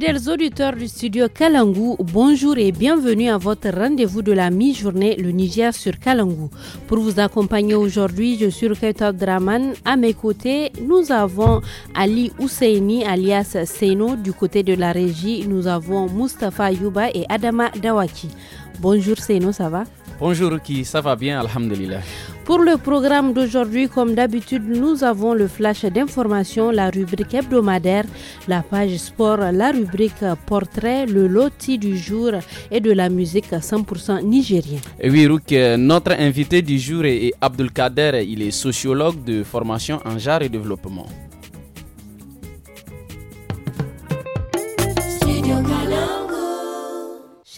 Fidèles auditeurs du studio Kalangou, bonjour et bienvenue à votre rendez-vous de la mi-journée Le Niger sur Kalangou. Pour vous accompagner aujourd'hui, je suis Rukaita Draman. À mes côtés, nous avons Ali Ousseini alias Seino du côté de la régie. Nous avons Mustapha Yuba et Adama Dawaki. Bonjour Seino, ça va Bonjour Ruki, ça va bien, alhamdulillah. Pour le programme d'aujourd'hui, comme d'habitude, nous avons le flash d'information, la rubrique hebdomadaire, la page sport, la rubrique portrait, le loti du jour et de la musique 100% nigérienne. Oui, Rouk, euh, notre invité du jour est Kader, Il est sociologue de formation en genre et développement.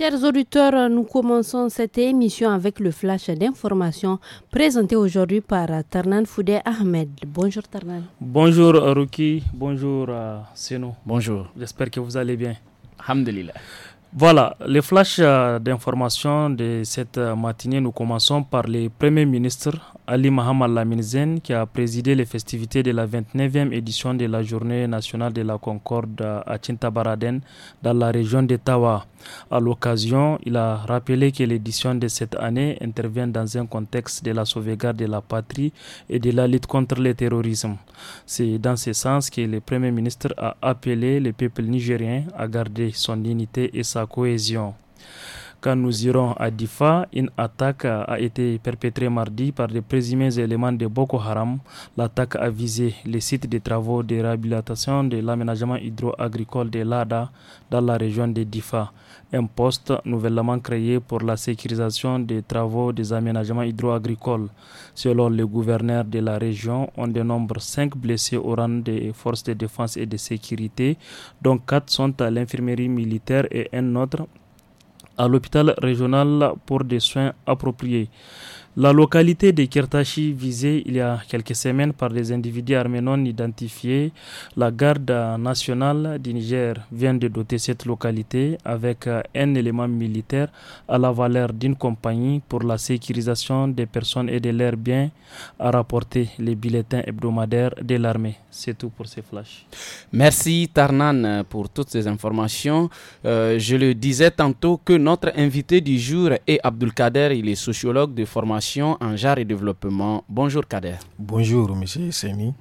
Chers auditeurs, nous commençons cette émission avec le flash d'information présenté aujourd'hui par Tarnan Foudé Ahmed. Bonjour Tarnan. Bonjour Ruki, bonjour euh, Seno. Bonjour. J'espère que vous allez bien. Alhamdulillah. Voilà, les flashs euh, d'information de cette euh, matinée, nous commençons par le Premier ministre Ali Mohamed Laminzen qui a présidé les festivités de la 29e édition de la Journée nationale de la Concorde à Tintabaraden dans la région de Tawa. À l'occasion, il a rappelé que l'édition de cette année intervient dans un contexte de la sauvegarde de la patrie et de la lutte contre le terrorisme. C'est dans ce sens que le Premier ministre a appelé le peuple nigérien à garder son dignité et sa cohésion. Quand nous irons à Difa, une attaque a été perpétrée mardi par des présumés éléments de Boko Haram. L'attaque a visé les sites de travaux de réhabilitation de l'aménagement hydro-agricole de l'ADA dans la région de Difa un poste nouvellement créé pour la sécurisation des travaux des aménagements hydro-agricoles. Selon le gouverneur de la région, on dénombre cinq blessés au rang des forces de défense et de sécurité, dont quatre sont à l'infirmerie militaire et un autre à l'hôpital régional pour des soins appropriés. La localité de Kirtachi, visée il y a quelques semaines par des individus armés non identifiés, la garde nationale du Niger vient de doter cette localité avec euh, un élément militaire à la valeur d'une compagnie pour la sécurisation des personnes et de leurs biens, a rapporté les bulletins hebdomadaires de l'armée. C'est tout pour ces flashs. Merci Tarnan pour toutes ces informations. Euh, je le disais tantôt que notre invité du jour est Abdulkader, il est sociologue de formation en genre et développement. Bonjour Kader. Bonjour Monsieur Seni.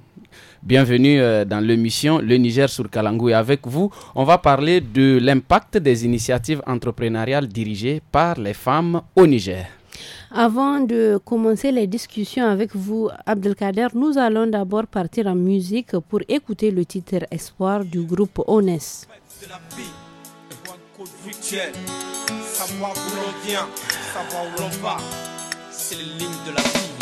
Bienvenue euh, dans l'émission Le Niger sur Kalangou et avec vous, on va parler de l'impact des initiatives entrepreneuriales dirigées par les femmes au Niger. Avant de commencer les discussions avec vous, Abdelkader, nous allons d'abord partir en musique pour écouter le titre Espoir du groupe Ones. C'est les de la vie.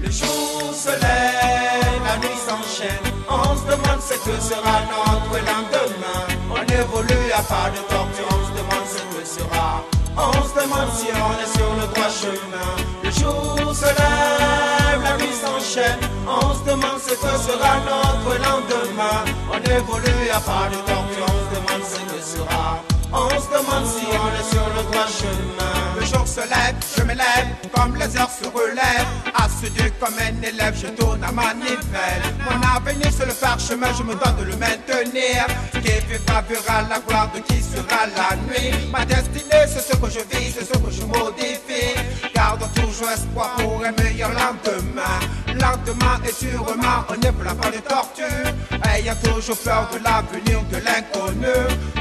Le jour se lève, la nuit s'enchaîne. On se demande ce que sera notre lendemain. On évolue à pas de torture, on se demande ce que sera. On se demande si on est sur le droit chemin. Le jour se lève, la nuit s'enchaîne. On se demande ce que sera notre lendemain. On évolue à pas de torture, on se demande ce que sera. On se demande si on est sur le droit chemin le jour se lève, je me lève comme les heures se relèvent. Assidu comme un élève, je tourne à ma nivelle. Mon avenir sur le parchemin, je me dois de le maintenir. Qui vivra verra la gloire de qui sera la nuit. Ma destinée, c'est ce que je vis, c'est ce que je modifie. Garde toujours espoir pour un meilleur lendemain. Lentement et sûrement, on ne la pas de tortue. Ayant toujours peur de l'avenir, de l'inconnu.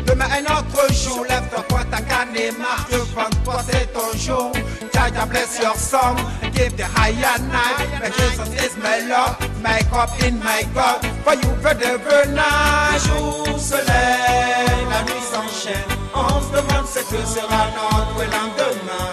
Demain, un autre jour, lève-toi, ta canne et marche devant toi, c'est ton jour. tiens, blessure bless your Give the higher night. My Jesus is my love my cup in my God. For you for night. jour se lève, la nuit s'enchaîne. On se demande ce que sera notre lendemain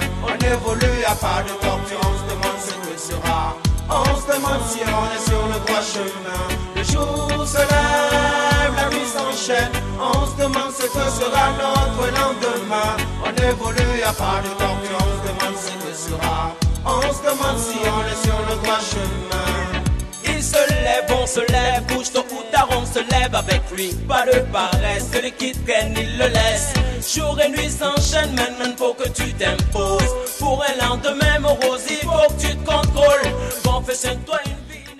évolue à pas de tortue, on se demande ce que sera. On se demande si on est sur le droit chemin. Le jour se lève, la nuit s'enchaîne. On se demande ce que sera notre lendemain. On évolue à pas de tortue, on se demande ce que sera. On se demande si on est sur le droit chemin. Bon on se lève, bouge ton tard on se lève avec lui. Pas de paresse, celui qui traîne, il le laisse. Jour et nuit s'enchaînent, maintenant faut que tu t'imposes. Pour un lendemain morose, il faut que tu te contrôles. Confessionne-toi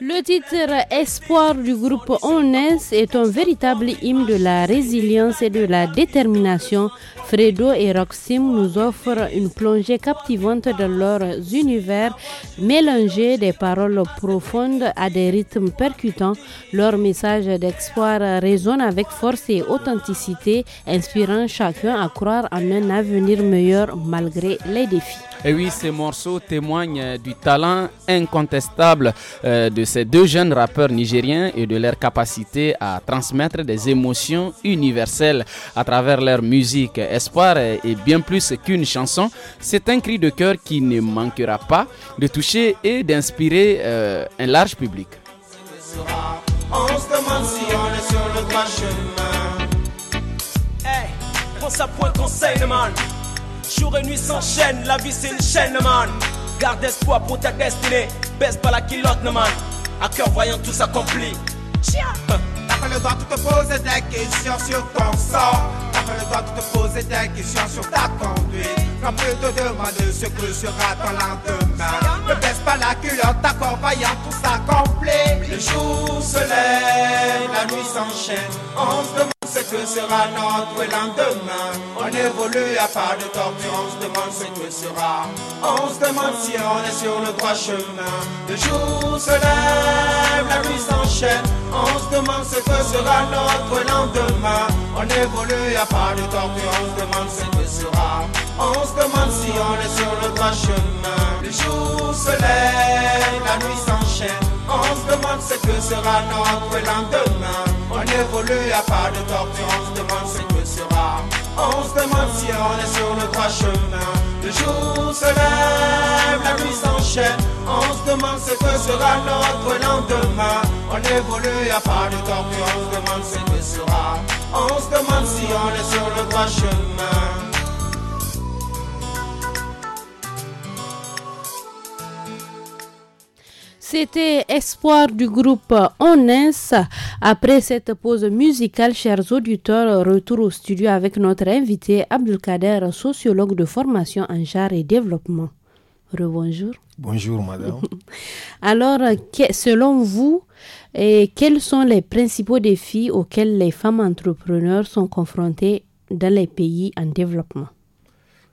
le titre Espoir du groupe Onnes est un véritable hymne de la résilience et de la détermination Fredo et Roxim nous offrent une plongée captivante dans leurs univers, mélangés des paroles profondes à des rythmes percutants. Leur message d'espoir résonne avec force et authenticité, inspirant chacun à croire en un avenir meilleur malgré les défis. Et oui, ces morceaux témoignent du talent incontestable euh, de ces deux jeunes rappeurs nigériens et de leur capacité à transmettre des émotions universelles à travers leur musique. Espoir est bien plus qu'une chanson, c'est un cri de cœur qui ne manquera pas de toucher et d'inspirer euh, un large public. On se demande si on est sur le droit chemin. Hey, prends ça point conseil, man. Jour et nuit s'enchaînent, la vie c'est une chaîne, man. Garde espoir pour ta destinée, baisse pas la culotte, man. À cœur voyant tout s'accomplit. Tiens! T'as le droit de te poser des questions sur ton sort. T'as le droit de te poser des questions sur ta conduite. Comme je te de ce que sera ton lendemain. Ne baisse pas la culotte, ta vaillant, tout s'accomplit. Le jour se lève, la nuit s'enchaîne. On se ce que sera notre lendemain. On évolue à pas de tortue, on se demande ce que sera. On se demande si on est sur le droit chemin. Le jour se lève, la nuit s'enchaîne. On se demande ce que sera notre lendemain. On évolue à pas de tortue, on se demande ce que sera. On se demande si on est sur le droit chemin. Le jour se lève, la nuit s'enchaîne. On se demande ce que sera notre lendemain. On évolue à pas de tortue, on se demande ce que sera. On se demande si on est sur le droit chemin. Le jour se lève, la nuit s'enchaîne. On se demande ce que sera notre lendemain. On évolue à pas de tortue, on se demande ce que sera. On se demande si on est sur le droit chemin. C'était Espoir du groupe Onens. Après cette pause musicale, chers auditeurs, retour au studio avec notre invité Abdelkader, sociologue de formation en genre et développement. Rebonjour. Bonjour, madame. Alors, selon vous, et quels sont les principaux défis auxquels les femmes entrepreneurs sont confrontées dans les pays en développement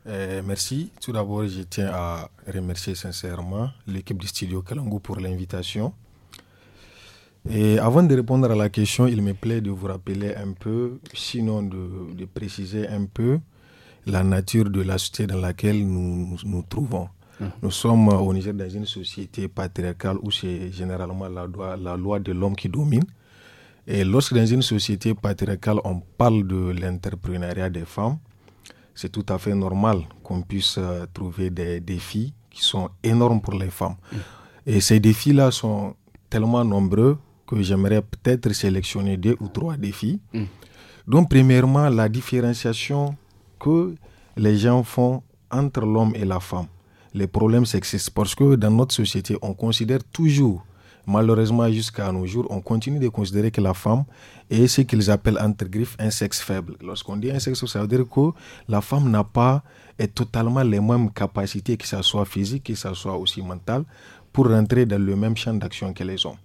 euh, Merci. Tout d'abord, je tiens à remercier sincèrement l'équipe du studio Kalangu pour l'invitation. Et avant de répondre à la question, il me plaît de vous rappeler un peu, sinon de, préciser un peu la nature de la société dans laquelle nous nous, trouvons. Hum. Nous sommes au Niger dans une société patriarcale où c'est généralement la loi, la loi de l'homme qui domine. Et lorsque dans une société patriarcale, on parle de l'entrepreneuriat des femmes, c'est tout à fait normal qu'on puisse euh, trouver des défis qui sont énormes pour les femmes. Et ces défis-là sont tellement nombreux que j'aimerais peut-être sélectionner deux ou trois défis. Mm. Donc, premièrement, la différenciation que les gens font entre l'homme et la femme, les problèmes sexistes. Parce que dans notre société, on considère toujours, malheureusement jusqu'à nos jours, on continue de considérer que la femme est ce qu'ils appellent entre griffes un sexe faible. Lorsqu'on dit un sexe faible, ça veut dire que la femme n'a pas et totalement les mêmes capacités, que ce soit physique, que ce soit aussi mental pour rentrer dans le même champ d'action que les hommes.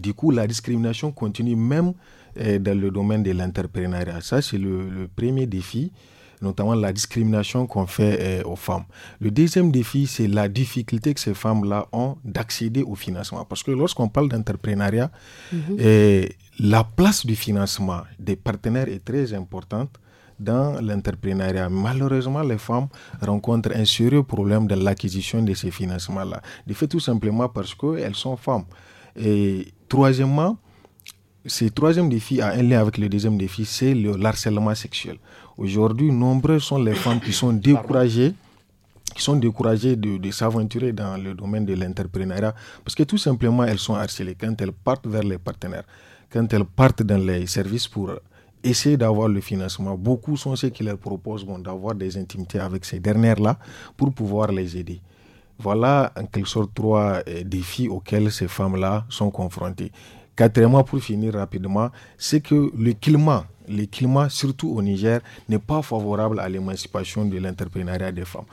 Du coup, la discrimination continue même euh, dans le domaine de l'entrepreneuriat. Ça, c'est le, premier défi, notamment la discrimination qu'on fait euh, aux femmes. Le deuxième défi, c'est la difficulté que ces femmes-là ont d'accéder au financement. Parce que lorsqu'on parle d'entrepreneuriat, mhm. euh, la place du financement des partenaires est très importante dans l'entrepreneuriat. Malheureusement, les femmes rencontrent un sérieux problème dans l'acquisition de ces financements-là. Du fait tout simplement parce qu'elles sont femmes. Et troisièmement, ce troisième défi a un lien avec le deuxième défi, c'est le harcèlement sexuel. Aujourd'hui, nombreux sont les femmes qui sont découragées qui sont découragées de, de s'aventurer dans le domaine de l'entrepreneuriat parce que tout simplement elles sont harcelées quand elles partent vers les partenaires, quand elles partent dans les services pour essayer d'avoir le financement. Beaucoup sont ceux qui leur proposent d'avoir des intimités avec ces dernières-là pour pouvoir les aider. Voilà en quelque sorte trois euh, défis auxquels ces femmes-là sont confrontées. Quatrièmement, pour finir rapidement, c'est que le climat, le climat surtout au Niger, n'est pas favorable à l'émancipation de l'entrepreneuriat des femmes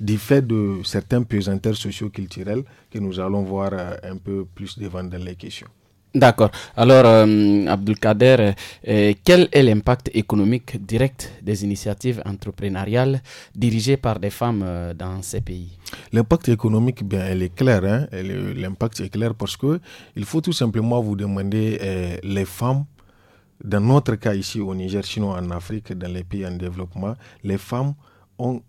du fait de certains pesanteurs culturels que nous allons voir euh, un peu plus devant dans les questions. D'accord. Alors, euh, Abdul Kader, euh, quel est l'impact économique direct des initiatives entrepreneuriales dirigées par des femmes euh, dans ces pays L'impact économique, bien, elle est claire. Hein? L'impact est clair parce que il faut tout simplement vous demander les femmes. Dans notre cas ici au Niger, sinon en Afrique, dans les pays en développement, les femmes ont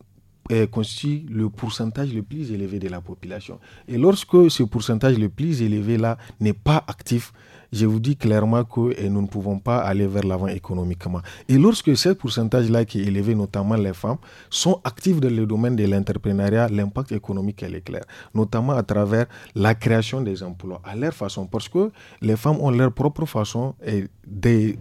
constitue le pourcentage le plus élevé de la population. Et lorsque ce pourcentage le plus élevé là n'est pas actif, je vous dis clairement que eh, nous ne pouvons pas aller vers l'avant économiquement. Et lorsque ce pourcentage-là qui est élevé, notamment les femmes, sont actives dans le domaine de l'entrepreneuriat, l'impact économique, est clair. Notamment à travers la création des emplois, à leur façon, parce que les femmes ont leur propre façon et eh, des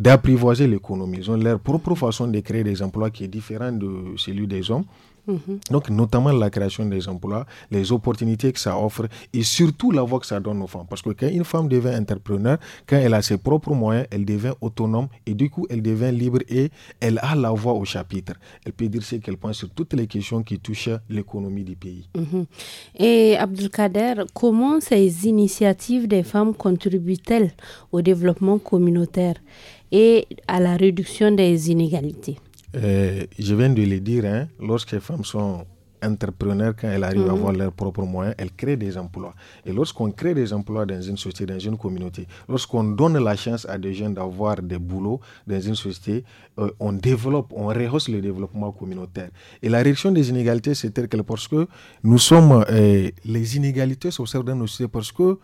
d'apprivoiser l'économie. Ils ont leur propre façon de créer des emplois qui est différente de celui des hommes. Mhm. Donc, notamment la création des emplois, les opportunités que ça offre et surtout la voix que ça donne aux femmes. Parce que quand une femme devient entrepreneur, quand elle a ses propres moyens, elle devient autonome et du coup, elle devient libre et elle a la voix au chapitre. Elle peut dire ce qu'elle pense sur toutes les questions qui touchent l'économie du pays. Mhm. Et Abdelkader, comment ces initiatives des femmes contribuent-elles au développement communautaire et à la réduction des inégalités. Euh, je viens de le dire, hein, lorsque les femmes sont entrepreneurs, quand elles arrivent à mhm. avoir leurs propres moyens, elles créent des emplois. Et lorsqu'on crée des emplois dans une société, dans une communauté, lorsqu'on donne la chance à des jeunes d'avoir des boulots dans une société, euh, on développe, on rehausse le développement communautaire. Et la réduction des inégalités, c'est tel que parce que nous sommes, euh, les inégalités s'observent dans nos sociétés parce que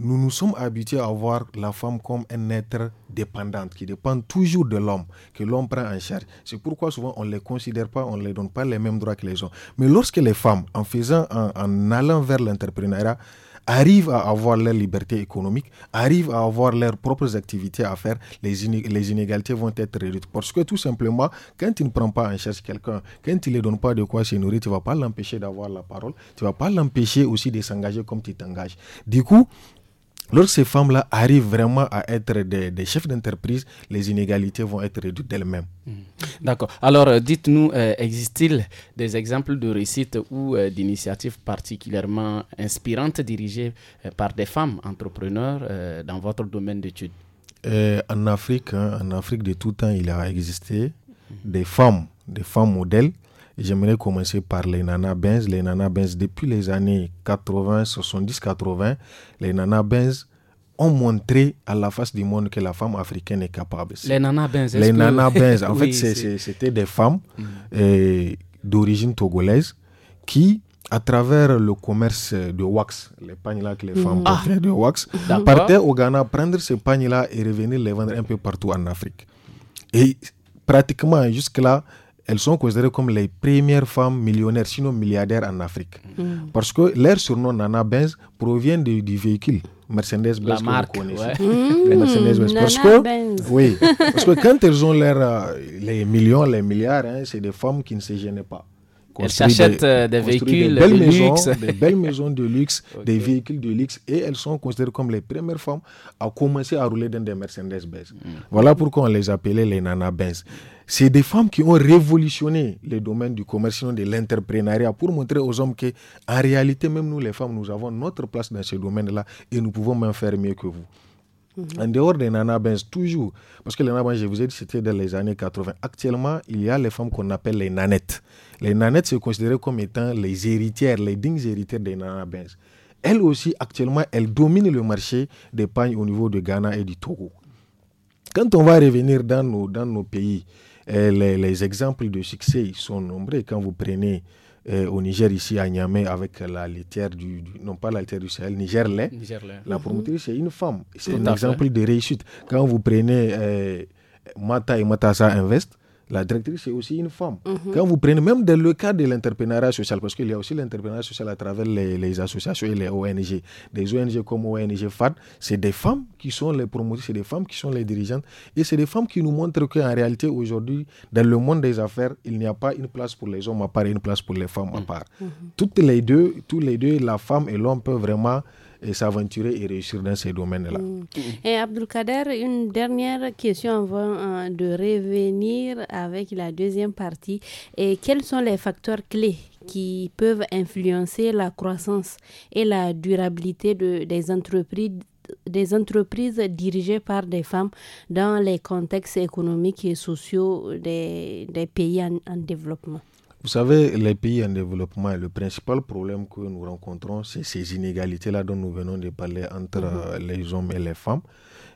nous nous sommes habitués à voir la femme comme un être dépendante, qui dépend toujours de l'homme, que l'homme prend en charge. C'est pourquoi souvent on ne les considère pas, on ne les donne pas les mêmes droits que les hommes. Mais lorsque les femmes, en faisant, en, allant vers l'entrepreneuriat, arrivent à avoir leur liberté économique, arrivent à avoir leurs propres activités à faire, les, les inégalités vont être réduites. Parce que tout simplement, quand tu ne prends pas en charge quelqu'un, quand tu ne lui donnes pas de quoi se nourrir, tu ne vas pas l'empêcher d'avoir la parole, tu ne vas pas l'empêcher aussi de s'engager comme tu t'engages. Du coup, Lorsque ces femmes-là arrivent vraiment à être des, chefs d'entreprise, les inégalités vont être réduites d'elles-mêmes. Hmm. D'accord. Alors, euh, dites-nous, euh, existe il des exemples de réussite ou euh, d'initiatives particulièrement inspirantes dirigées par des femmes entrepreneurs dans votre domaine d'études En Afrique, hein, en Afrique de tout temps, il a existé des femmes, des femmes modèles J'aimerais commencer par les Nana Les Nana depuis les années 80, 70, 80, les Nana Benz ont montré à la face du monde que la femme africaine est capable. Les Nana Benz. Les en fait, c'était des femmes mm. euh, d'origine togolaise qui à travers le commerce de wax, les pagnes-là que les mm. femmes font ah. de wax, partaient au Ghana prendre ces pagnes-là et revenir les vendre un peu partout en Afrique. Et pratiquement jusque-là, elles sont considérées comme les premières femmes millionnaires, sinon milliardaires en Afrique. Mm. Mm. Parce que leur surnom Nana Benz provient du, véhicule Mercedes-Benz La marque, vous connaissez. Mm. Mercedes-Benz. parce, que, oui, parce que quand elles ont l'air euh, les millions, les milliards, hein, c'est des femmes qui ne se gênent pas. Elles s'achètent euh, des, véhicules des belles de maisons, luxe. Des belles maisons de luxe, des véhicules de luxe. Et elles sont considérées comme les premières femmes à commencer à rouler dans des Mercedes-Benz. Voilà pourquoi on les appelait les Nana Benz. C'est des femmes qui ont révolutionné le domaine du commerce, de l'entrepreneuriat, pour montrer aux hommes que, en réalité, même nous, les femmes, nous avons notre place dans ce domaine-là et nous pouvons même faire mieux que vous. Mhm. En dehors des Nana toujours, parce que les Nana je vous ai dit, c'était dans les années 80. Actuellement, il y a les femmes qu'on appelle les nanettes. Les nanettes se considèrent comme étant les héritières, les dignes héritières des Nana Elles aussi, actuellement, elles dominent le marché des pagnes au niveau de Ghana et du Togo. Quand on va revenir dans nos, dans nos pays, eh, les, exemples de succès sont nombreux. Quand vous prenez eh, au Niger, ici à Niamey, avec la litière du, Non, pas la litière du Sahel, Niger La promotrice, mhm. c'est une femme. C'est un exemple de réussite. Quand vous prenez eh, Mata et Matasa Invest, la directrice, c'est aussi une femme. Mhm. Quand vous prenez, même dans le cas de l'entrepreneuriat social, parce qu'il y a aussi l'entrepreneuriat social à travers les, associations et les ONG. Des ONG comme ONG FAD, c'est des femmes qui sont les promotrices, c'est des femmes qui sont les dirigeantes. Et c'est des femmes qui nous montrent qu'en réalité, aujourd'hui, dans le monde des affaires, il n'y a pas une place pour les hommes à part et une place pour les femmes à mm. part. Mhm. Toutes les deux, tous les deux, la femme et l'homme peuvent vraiment et s'aventurer et réussir dans ces domaines-là. Mm. Et Abdelkader, une dernière question avant euh, de revenir avec la deuxième partie. Et quels sont les facteurs clés qui peuvent influencer la croissance et la durabilité des entreprises dirigées par des femmes dans les contextes économiques et sociaux des, pays en développement. Vous savez, les pays en développement, le principal problème que nous rencontrons, c'est ces inégalités-là dont nous venons de parler entre mhm. euh, les hommes et les femmes,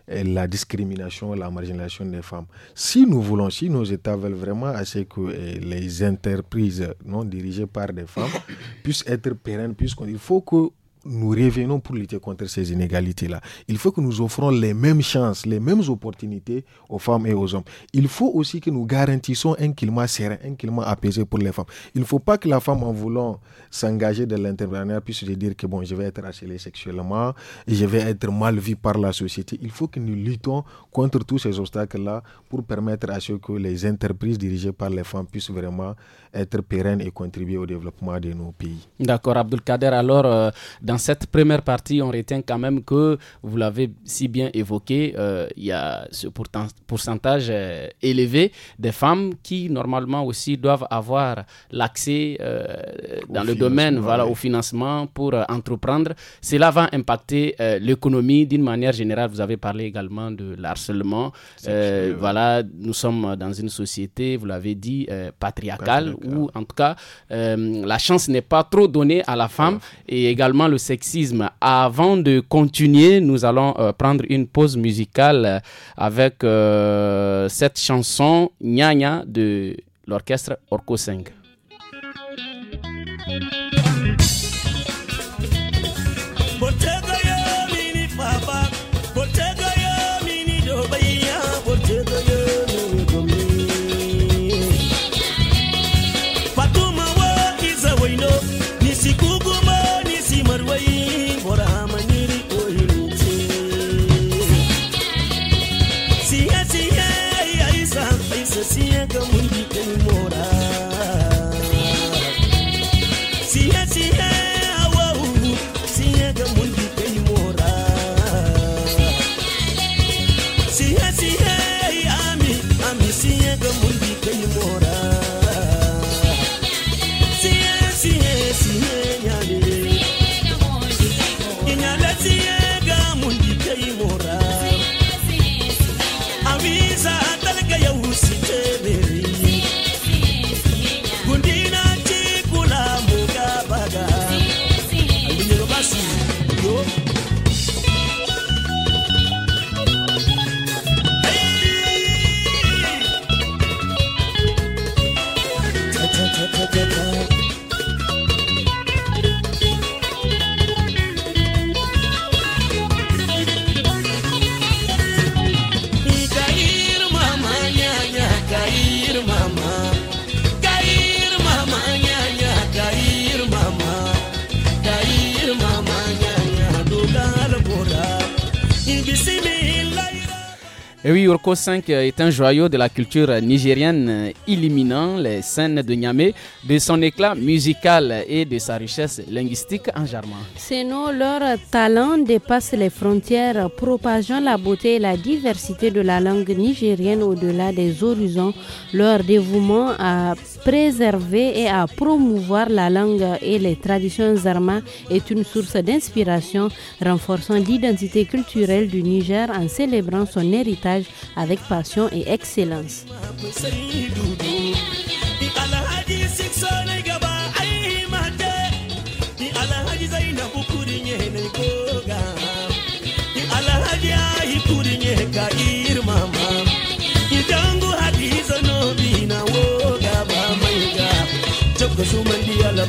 et la discrimination et la marginalisation des femmes. Si nous voulons, si nos États veulent vraiment à que eh, les entreprises non dirigées par des femmes puissent être pérennes, puisqu'il faut que nous revenons pour lutter contre ces inégalités-là. Il faut que nous offrons les mêmes chances, les mêmes opportunités aux femmes et aux hommes. Il faut aussi que nous garantissons un climat serein, un climat apaisé pour les femmes. Il ne faut pas que la femme, en voulant s'engager de l'entrepreneuriat, puisse se dire que bon, je vais être harcelée sexuellement, je vais être mal vue par la société. Il faut que nous luttons contre tous ces obstacles-là pour permettre à ce que les entreprises dirigées par les femmes puissent vraiment être pérennes et contribuer au développement de nos pays. D'accord, Abdelkader. Alors, euh, dans dans cette première partie, on retient quand même que, vous l'avez si bien évoqué, euh, il y a ce pourcentage euh, élevé des femmes qui, normalement aussi, doivent avoir l'accès euh, dans le domaine voilà, au financement pour entreprendre. Cela va impacter l'économie d'une manière générale. Vous avez parlé également de l'harcèlement. Voilà, nous sommes dans une société, vous l'avez dit, patriarcale, où, en tout cas, la chance n'est pas trop donnée à la femme et également le sexisme. Avant de continuer, nous allons euh, prendre une pause musicale euh, avec euh, cette chanson Nya de l'orchestre Orco 5. Et oui, Urko 5 est un joyau de la culture nigérienne illuminant les scènes de Niamey, de son éclat musical et de sa richesse linguistique en germain. Sinon, leur talent dépasse les frontières, propageant la beauté et la diversité de la langue nigérienne au-delà des horizons. Leur dévouement à préserver et à promouvoir la langue et les traditions zarma est une source d'inspiration renforçant l'identité culturelle du Niger en célébrant son héritage avec passion et excellence.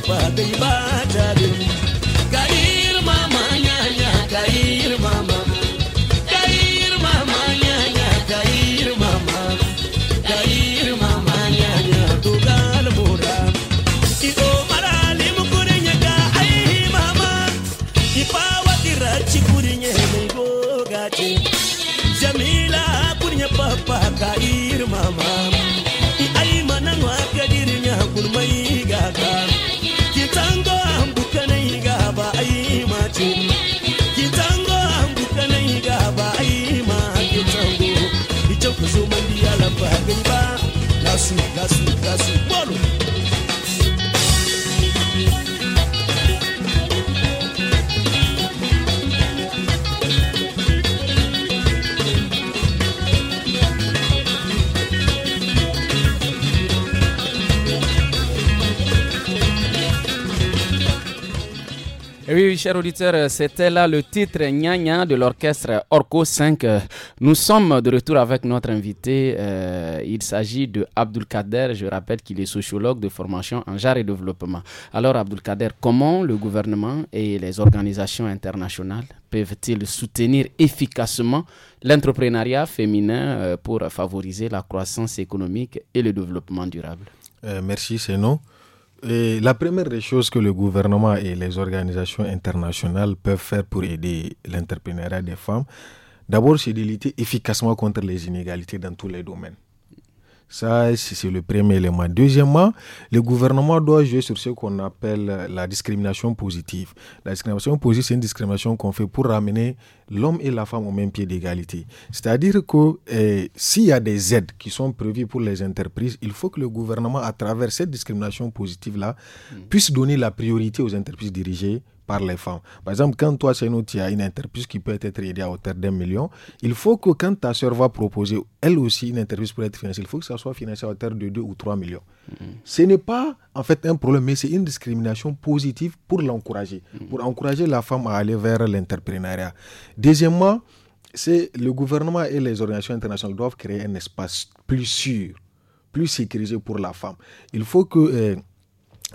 kepada ibadah sigas Eh oui, chers auditeurs, c'était là le titre gna de l'orchestre Orco 5. Nous sommes de retour avec notre invité. Euh, il s'agit de Abdul Kader. Je rappelle qu'il est sociologue de formation en genre et développement. Alors, Abdul Kader, comment le gouvernement et les organisations internationales peuvent-ils soutenir efficacement l'entrepreneuriat féminin euh, pour favoriser la croissance économique et le développement durable euh, Merci, c'est nous la première des choses que le gouvernement et les organisations internationales peuvent faire pour aider l'entrepreneuriat des femmes, d'abord, c'est de lutter efficacement contre les inégalités dans tous les domaines. Ça, c'est le premier élément. Deuxièmement, le gouvernement doit jouer sur ce qu'on appelle la discrimination positive. La discrimination positive, c'est une discrimination qu'on fait pour ramener l'homme et la femme au même pied d'égalité. C'est-à-dire que eh, s'il y a des aides qui sont prévues pour les entreprises, il faut que le gouvernement, à travers cette discrimination positive-là, mm. puisse donner la priorité aux entreprises dirigées par les femmes. Par exemple, quand toi, chez nous, tu as une entreprise qui peut être aidée à hauteur d'un million, il faut que quand ta soeur va proposer, elle aussi, une entreprise pour être financée, il faut que ça soit financé à hauteur de 2 ou 3 millions. Mm-hmm. Ce n'est pas, en fait, un problème, mais c'est une discrimination positive pour l'encourager, mm-hmm. pour encourager la femme à aller vers l'entrepreneuriat. Deuxièmement, c'est le gouvernement et les organisations internationales doivent créer un espace plus sûr, plus sécurisé pour la femme. Il faut que... Euh,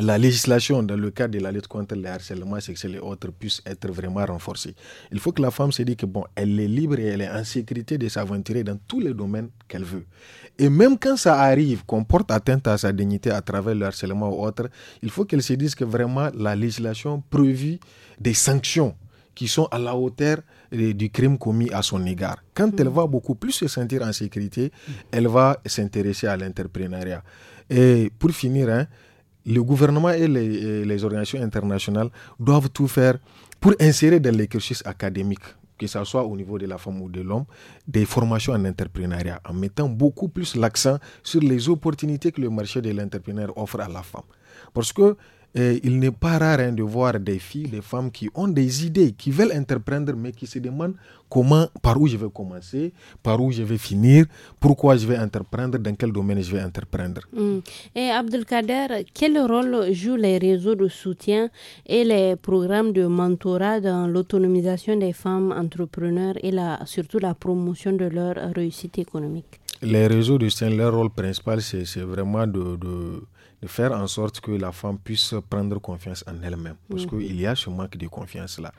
la législation dans le cadre de la lutte contre le harcèlement sexuel et autres puisse être vraiment renforcée. Il faut que la femme se dise que bon, elle est libre et elle est en sécurité de s'aventurer dans tous les domaines qu'elle veut. Et même quand ça arrive, qu'on porte atteinte à sa dignité à travers le harcèlement ou autre, il faut qu'elle se dise que vraiment la législation prévue des sanctions qui sont à la hauteur du crime commis à son égard. Quand elle hmm. va beaucoup plus se sentir en sécurité, hmm. elle va s'intéresser à l'entrepreneuriat. Et pour finir, hein, le gouvernement et les, organisations internationales doivent tout faire pour insérer dans les académique académiques, que ce soit au niveau de la femme ou de l'homme, des formations en entrepreneuriat, en mettant beaucoup plus l'accent sur les opportunités que le marché de l'entrepreneur offre à la femme. Parce que il n'est pas rare hein, de voir des filles, des femmes qui ont des idées, qui veulent entreprendre, mais qui se demandent comment, par où je vais commencer, par où je vais finir, pourquoi je vais entreprendre, dans quel domaine je vais entreprendre. Hmm. Et Abdelkader, quel rôle jouent les réseaux de soutien et les programmes de mentorat dans l'autonomisation des femmes entrepreneurs et surtout la promotion de leur réussite économique Les réseaux de soutien, leur rôle principal, c'est vraiment de de faire en sorte que la femme puisse prendre confiance en elle-même. Parce que qu'il mmh. y a ce manque de confiance-là.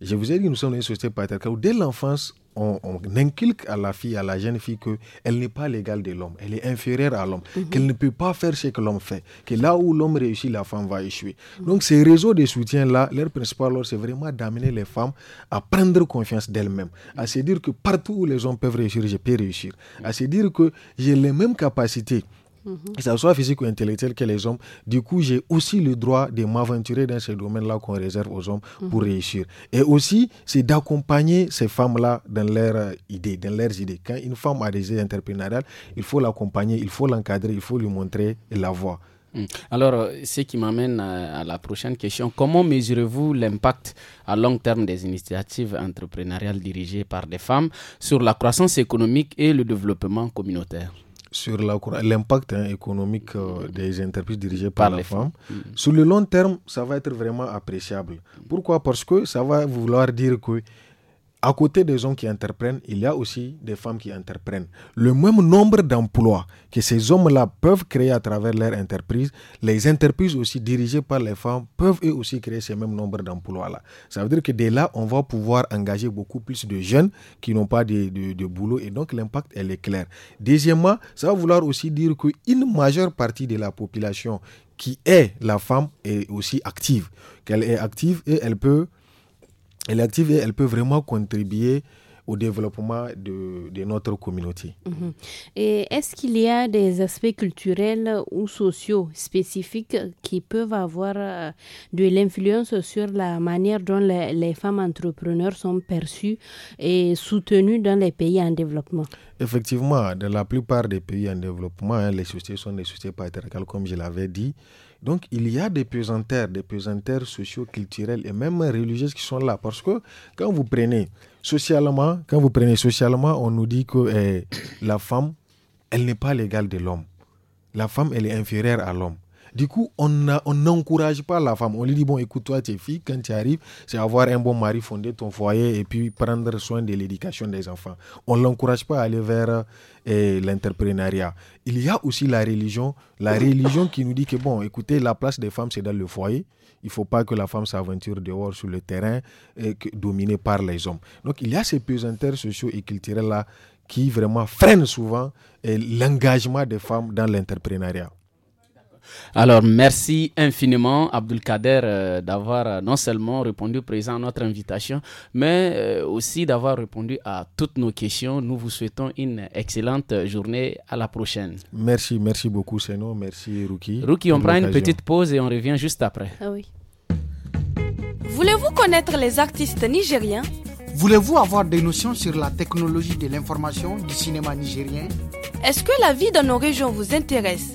Je vous ai dit que nous sommes dans une société patriarcale où dès l'enfance, on, inculque à la fille, à la jeune fille, qu'elle n'est pas l'égale de l'homme, elle est inférieure à l'homme, mmh. qu'elle ne peut pas faire ce que l'homme fait, que là où l'homme réussit, la femme va échouer. Mmh. Donc ces réseaux de soutien-là, leur principal rôle, c'est vraiment d'amener les femmes à prendre confiance d'elles-mêmes, à se dire que partout où les hommes peuvent réussir, je peux réussir, à se dire que j'ai les mêmes capacités que mhm. ce soit physique ou intellectuel que les hommes. Du coup, j'ai aussi le droit de m'aventurer dans ce domaine là qu'on réserve aux hommes pour mhm. réussir. Et aussi, c'est d'accompagner ces femmes-là dans leurs euh, idées, dans leurs idées. Quand une femme a des idées entrepreneuriales, il faut l'accompagner, il faut l'encadrer, il faut lui montrer la voie. Hmm. Alors, euh, ce qui m'amène euh, à, la prochaine question. Comment mesurez-vous l'impact à long terme des initiatives entrepreneuriales dirigées par des femmes sur la croissance économique et le développement communautaire sur l'impact hein, économique euh, mm. des entreprises dirigées par, les femmes. Mm. Sur le long terme, ça va être vraiment appréciable. Pourquoi Parce que ça va vouloir dire que à côté des hommes qui entreprennent, il y a aussi des femmes qui entreprennent. Le même nombre d'emplois que ces hommes-là peuvent créer à travers leur entreprise, les entreprises aussi dirigées par les femmes peuvent eux aussi créer ce même nombre d'emplois-là. Ça veut dire que dès là, on va pouvoir engager beaucoup plus de jeunes qui n'ont pas de, boulot et donc l'impact, elle est claire. Deuxièmement, ça va vouloir aussi dire qu'une majeure partie de la population qui est la femme est aussi active. Qu'elle est active et elle peut elle active et elle peut vraiment contribuer au développement de, notre communauté. Mhm. Et est-ce qu'il y a des aspects culturels ou sociaux spécifiques qui peuvent avoir euh, de l'influence sur la manière dont les, femmes entrepreneurs sont perçues et soutenues dans les pays en développement Effectivement, dans la plupart des pays en développement, hein, les sociétés sont des sociétés patriarcales, comme je l'avais dit. Donc il y a des pesanteurs, des pesanteurs sociaux, culturels et même religieuses qui sont là. Parce que quand vous prenez socialement, quand vous prenez socialement, on nous dit que eh, la femme, elle n'est pas l'égale de l'homme. La femme, elle est inférieure à l'homme. Du coup, on n'encourage pas la femme. On lui dit, bon, écoute, toi, tes filles, quand tu arrives, c'est avoir un bon mari, fonder ton foyer et puis prendre soin de l'éducation des enfants. On ne l'encourage pas à aller vers et l'entrepreneuriat. Il y a aussi la religion, la religion qui nous dit que, bon, écoutez, la place des femmes, c'est dans le foyer. Il ne faut pas que la femme s'aventure dehors sur le terrain, et dominée par les hommes. Donc, il y a ces pesanteurs sociaux et culturels-là qui vraiment freinent souvent l'engagement des femmes dans l'entrepreneuriat. Alors, merci infiniment, Abdul Kader euh, d'avoir euh, non seulement répondu présent à notre invitation, mais euh, aussi d'avoir répondu à toutes nos questions. Nous vous souhaitons une excellente journée. À la prochaine. Merci, merci beaucoup, Seno. Merci, Ruki. Ruki, on prend une petite pause et on revient juste après. Ah oui. Voulez-vous connaître les artistes nigériens Voulez-vous avoir des notions sur la technologie de l'information du cinéma nigérien Est-ce que la vie dans nos régions vous intéresse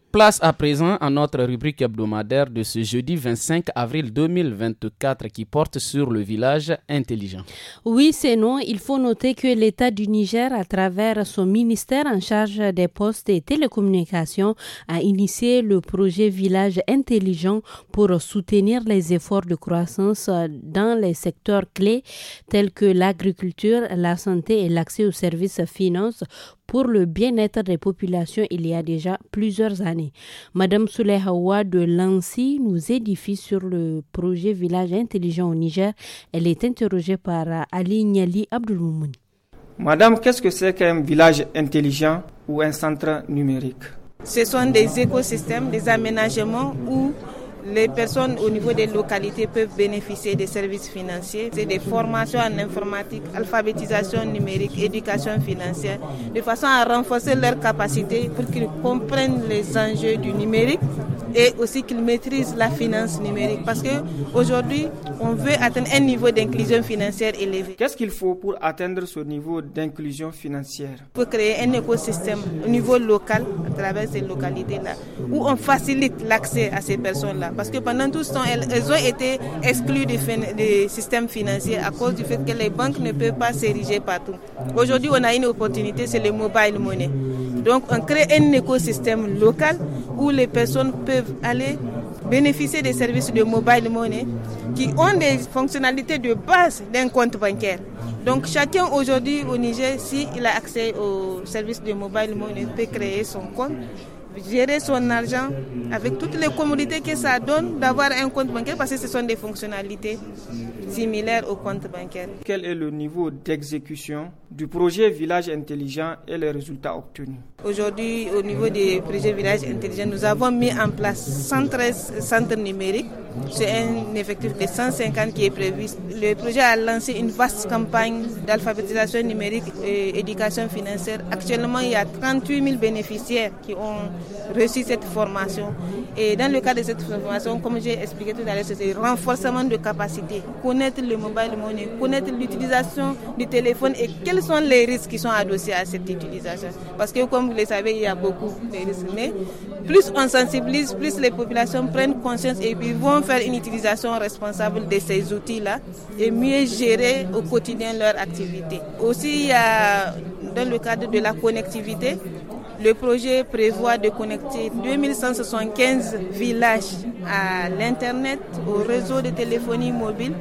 Place à présent à notre rubrique hebdomadaire de ce jeudi 25 avril 2024 qui porte sur le village intelligent. Oui, c'est non. Il faut noter que l'État du Niger, à travers son ministère en charge des postes et télécommunications, a initié le projet Village intelligent pour soutenir les efforts de croissance dans les secteurs clés tels que l'agriculture, la santé et l'accès aux services finances pour le bien-être des populations il y a déjà plusieurs années. Madame Souley Hawa de Lancy nous édifie sur le projet Village intelligent au Niger. Elle est interrogée par Ali Niali Abdulmoumouni. Madame, qu'est-ce que c'est qu'un village intelligent ou un centre numérique Ce sont des écosystèmes, des aménagements où les personnes au niveau des localités peuvent bénéficier des services financiers, c'est des formations en informatique, alphabétisation numérique, éducation financière, de façon à renforcer leurs capacités pour qu'ils comprennent les enjeux du numérique et aussi qu'ils maîtrisent la finance numérique. Parce qu'aujourd'hui, on veut atteindre un niveau d'inclusion financière élevé. Qu'est-ce qu'il faut pour atteindre ce niveau d'inclusion financière Pour créer un écosystème au niveau local, à travers ces localités-là, où on facilite l'accès à ces personnes-là. Parce que pendant tout ce temps, elles, ont été exclues des, systèmes financiers à cause du fait que les banques ne peuvent pas s'ériger partout. Aujourd'hui, on a une opportunité, c'est le mobile money. Donc, on crée un écosystème local où les personnes peuvent aller bénéficier des services de mobile money qui ont des fonctionnalités de base d'un compte bancaire. Donc chacun aujourd'hui au Niger, s'il a accès aux services de mobile money, peut créer son compte gérer son argent avec toutes les commodités que ça donne d'avoir un compte bancaire parce que ce sont des fonctionnalités similaires au compte bancaire. Quel est le niveau d'exécution du projet Village Intelligent et les résultats obtenus Aujourd'hui, au niveau du projet Village Intelligent, nous avons mis en place 113 centres numériques. C'est un effectif de 150 qui est prévu. Le projet a lancé une vaste campagne d'alphabétisation numérique et éducation financière. Actuellement, il y a 38 000 bénéficiaires qui ont reçu cette formation. Et dans le cadre de cette formation, comme j'ai expliqué tout à l'heure, c'est renforcement de capacité, connaître le mobile money, connaître l'utilisation du téléphone et quels sont les risques qui sont adossés à cette utilisation. Parce que comme vous le savez, il y a beaucoup de risques. Mais plus on sensibilise, plus les populations prennent conscience et puis vont faire une utilisation responsable de ces outils-là et mieux gérer au quotidien leur activité. Aussi, il y a dans le cadre de la connectivité, le projet prévoit de connecter 2175 villages à l'Internet, au réseau de téléphonie mobile.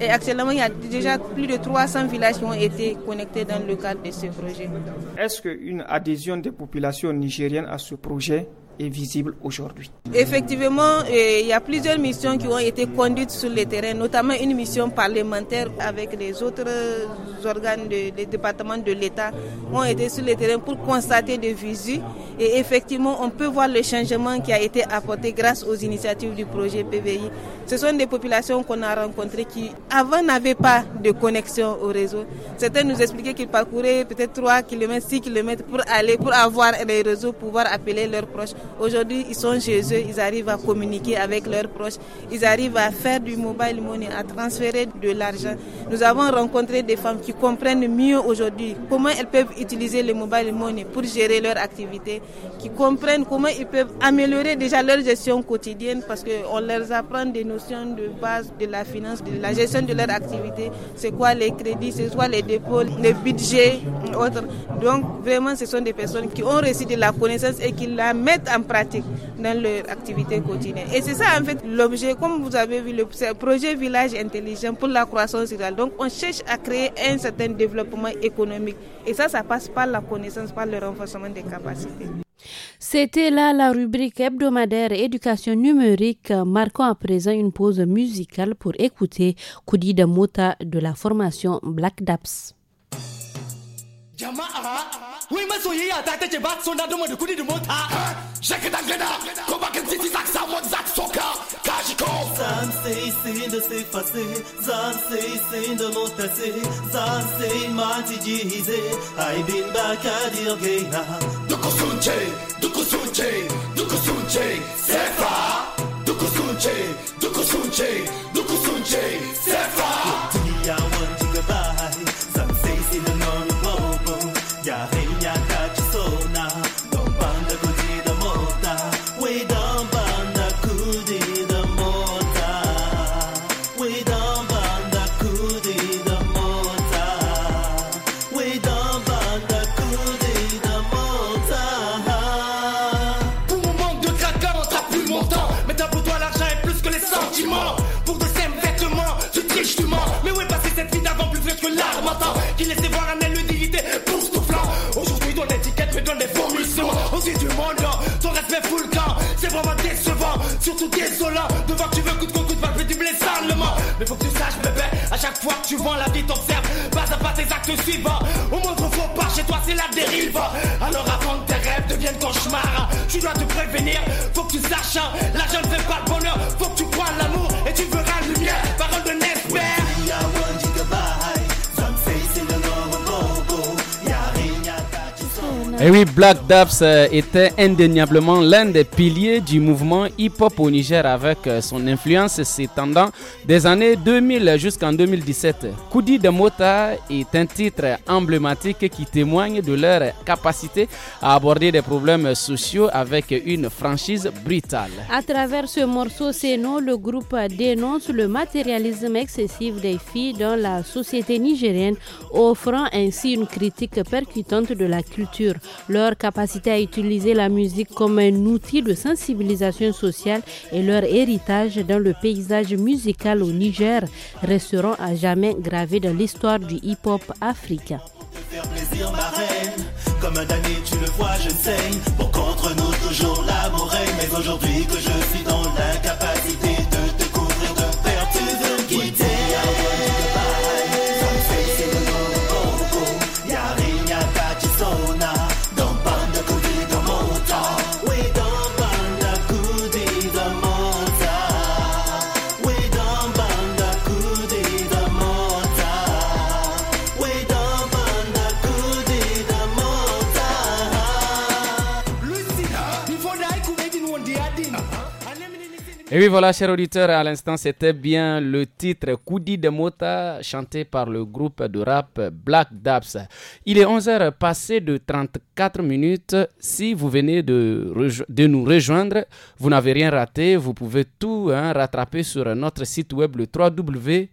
Et actuellement, il y a déjà plus de 300 villages qui ont été connectés dans le cadre de ce projet. Est-ce qu'une adhésion des populations nigériennes à ce projet est visible aujourd'hui. Effectivement, il y a plusieurs missions qui ont été conduites sur le terrain, notamment une mission parlementaire avec les autres organes des départements de l'État ont été sur le terrain pour constater des visu. Et effectivement, on peut voir le changement qui a été apporté grâce aux initiatives du projet PVI. Ce sont des populations qu'on a rencontrées qui, avant, n'avaient pas de connexion au réseau. Certains nous expliquaient qu'ils parcouraient peut-être 3 km, 6 km pour aller, pour avoir les réseaux, pouvoir appeler leurs proches. Aujourd'hui, ils sont chez eux, ils arrivent à communiquer avec leurs proches, ils arrivent à faire du mobile money, à transférer de l'argent. Nous avons rencontré des femmes qui comprennent mieux aujourd'hui comment elles peuvent utiliser le mobile money pour gérer leur activité, qui comprennent comment ils peuvent améliorer déjà leur gestion quotidienne parce qu'on leur apprend des notions de base de la finance, de la gestion de leur activité, c'est quoi les crédits, c'est quoi les dépôts, les budgets, autres. Donc vraiment, ce sont des personnes qui ont reçu de la connaissance et qui la mettent à en pratique dans leur activité quotidienne. Et c'est ça en fait l'objet, comme vous avez vu, le projet Village Intelligent pour la croissance rurale. Donc on cherche à créer un certain développement économique. Et ça, ça passe par la connaissance, par le renforcement des capacités. C'était là la rubrique hebdomadaire éducation numérique marquant à présent une pause musicale pour écouter Koudi Mota de la formation Black Daps. wai masoyayya ta take ba so na dama do kudi de mota Chega dangana ko bakin a za ka samu wanda za ka soka kashi ko zan sei, sei de se fase zan sei, sei de mota se, zan sei, ma ti jihize ai bin ba ka di kusunche, duku sunce duku sunce duku sunce sefa duku sunce duku sunce duku sunce sefa tu vois, la vie t'observe. Pas à pas tes actes suivants. Au moindre faux pas, chez toi, c'est la dérive. Alors avant que tes rêves deviennent cauchemars, tu dois te prévenir. Faut que tu saches, hein. l'argent ne fait pas le bonheur. Faut que tu Et eh oui, Black Daps euh, était indéniablement l'un des piliers du mouvement hip-hop au Niger avec euh, son influence s'étendant des années 2000 jusqu'en 2017. Koudi de Mota est un titre emblématique qui témoigne de leur capacité à aborder des problèmes sociaux avec une franchise brutale. À travers ce morceau Seno, le groupe dénonce le matérialisme excessif des filles dans la société nigérienne, offrant ainsi une critique percutante de la culture leur capacité à utiliser la musique comme un outil de sensibilisation sociale et leur héritage dans le paysage musical au Niger resteront à jamais gravés dans l'histoire du hip-hop africain. Et oui, voilà, chers auditeurs, à l'instant, c'était bien le titre Koudi de Mota, chanté par le groupe de rap Black Dabs. Il est 11h passé de 34 minutes. Si vous venez de, de nous rejoindre, vous n'avez rien raté. Vous pouvez tout hein, rattraper sur notre site web, le www.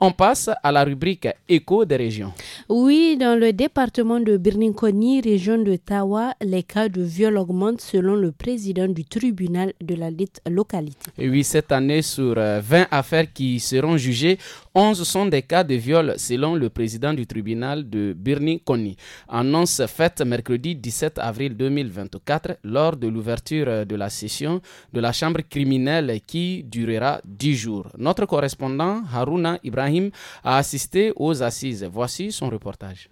On passe à la rubrique Écho des régions. Oui, dans le département de Birninkoni, région de Tawa, les cas de viol augmentent selon le président du tribunal de la dite localité. oui, cette année, sur 20 euh, affaires qui seront jugées, 11 sont des cas de viol selon le président du tribunal de Birni Koni. Annonce faite mercredi 17 avril 2024 lors de l'ouverture de la session de la chambre criminelle qui durera 10 jours. Notre correspondant Haruna Ibrahim a assisté aux assises. Voici son reportage.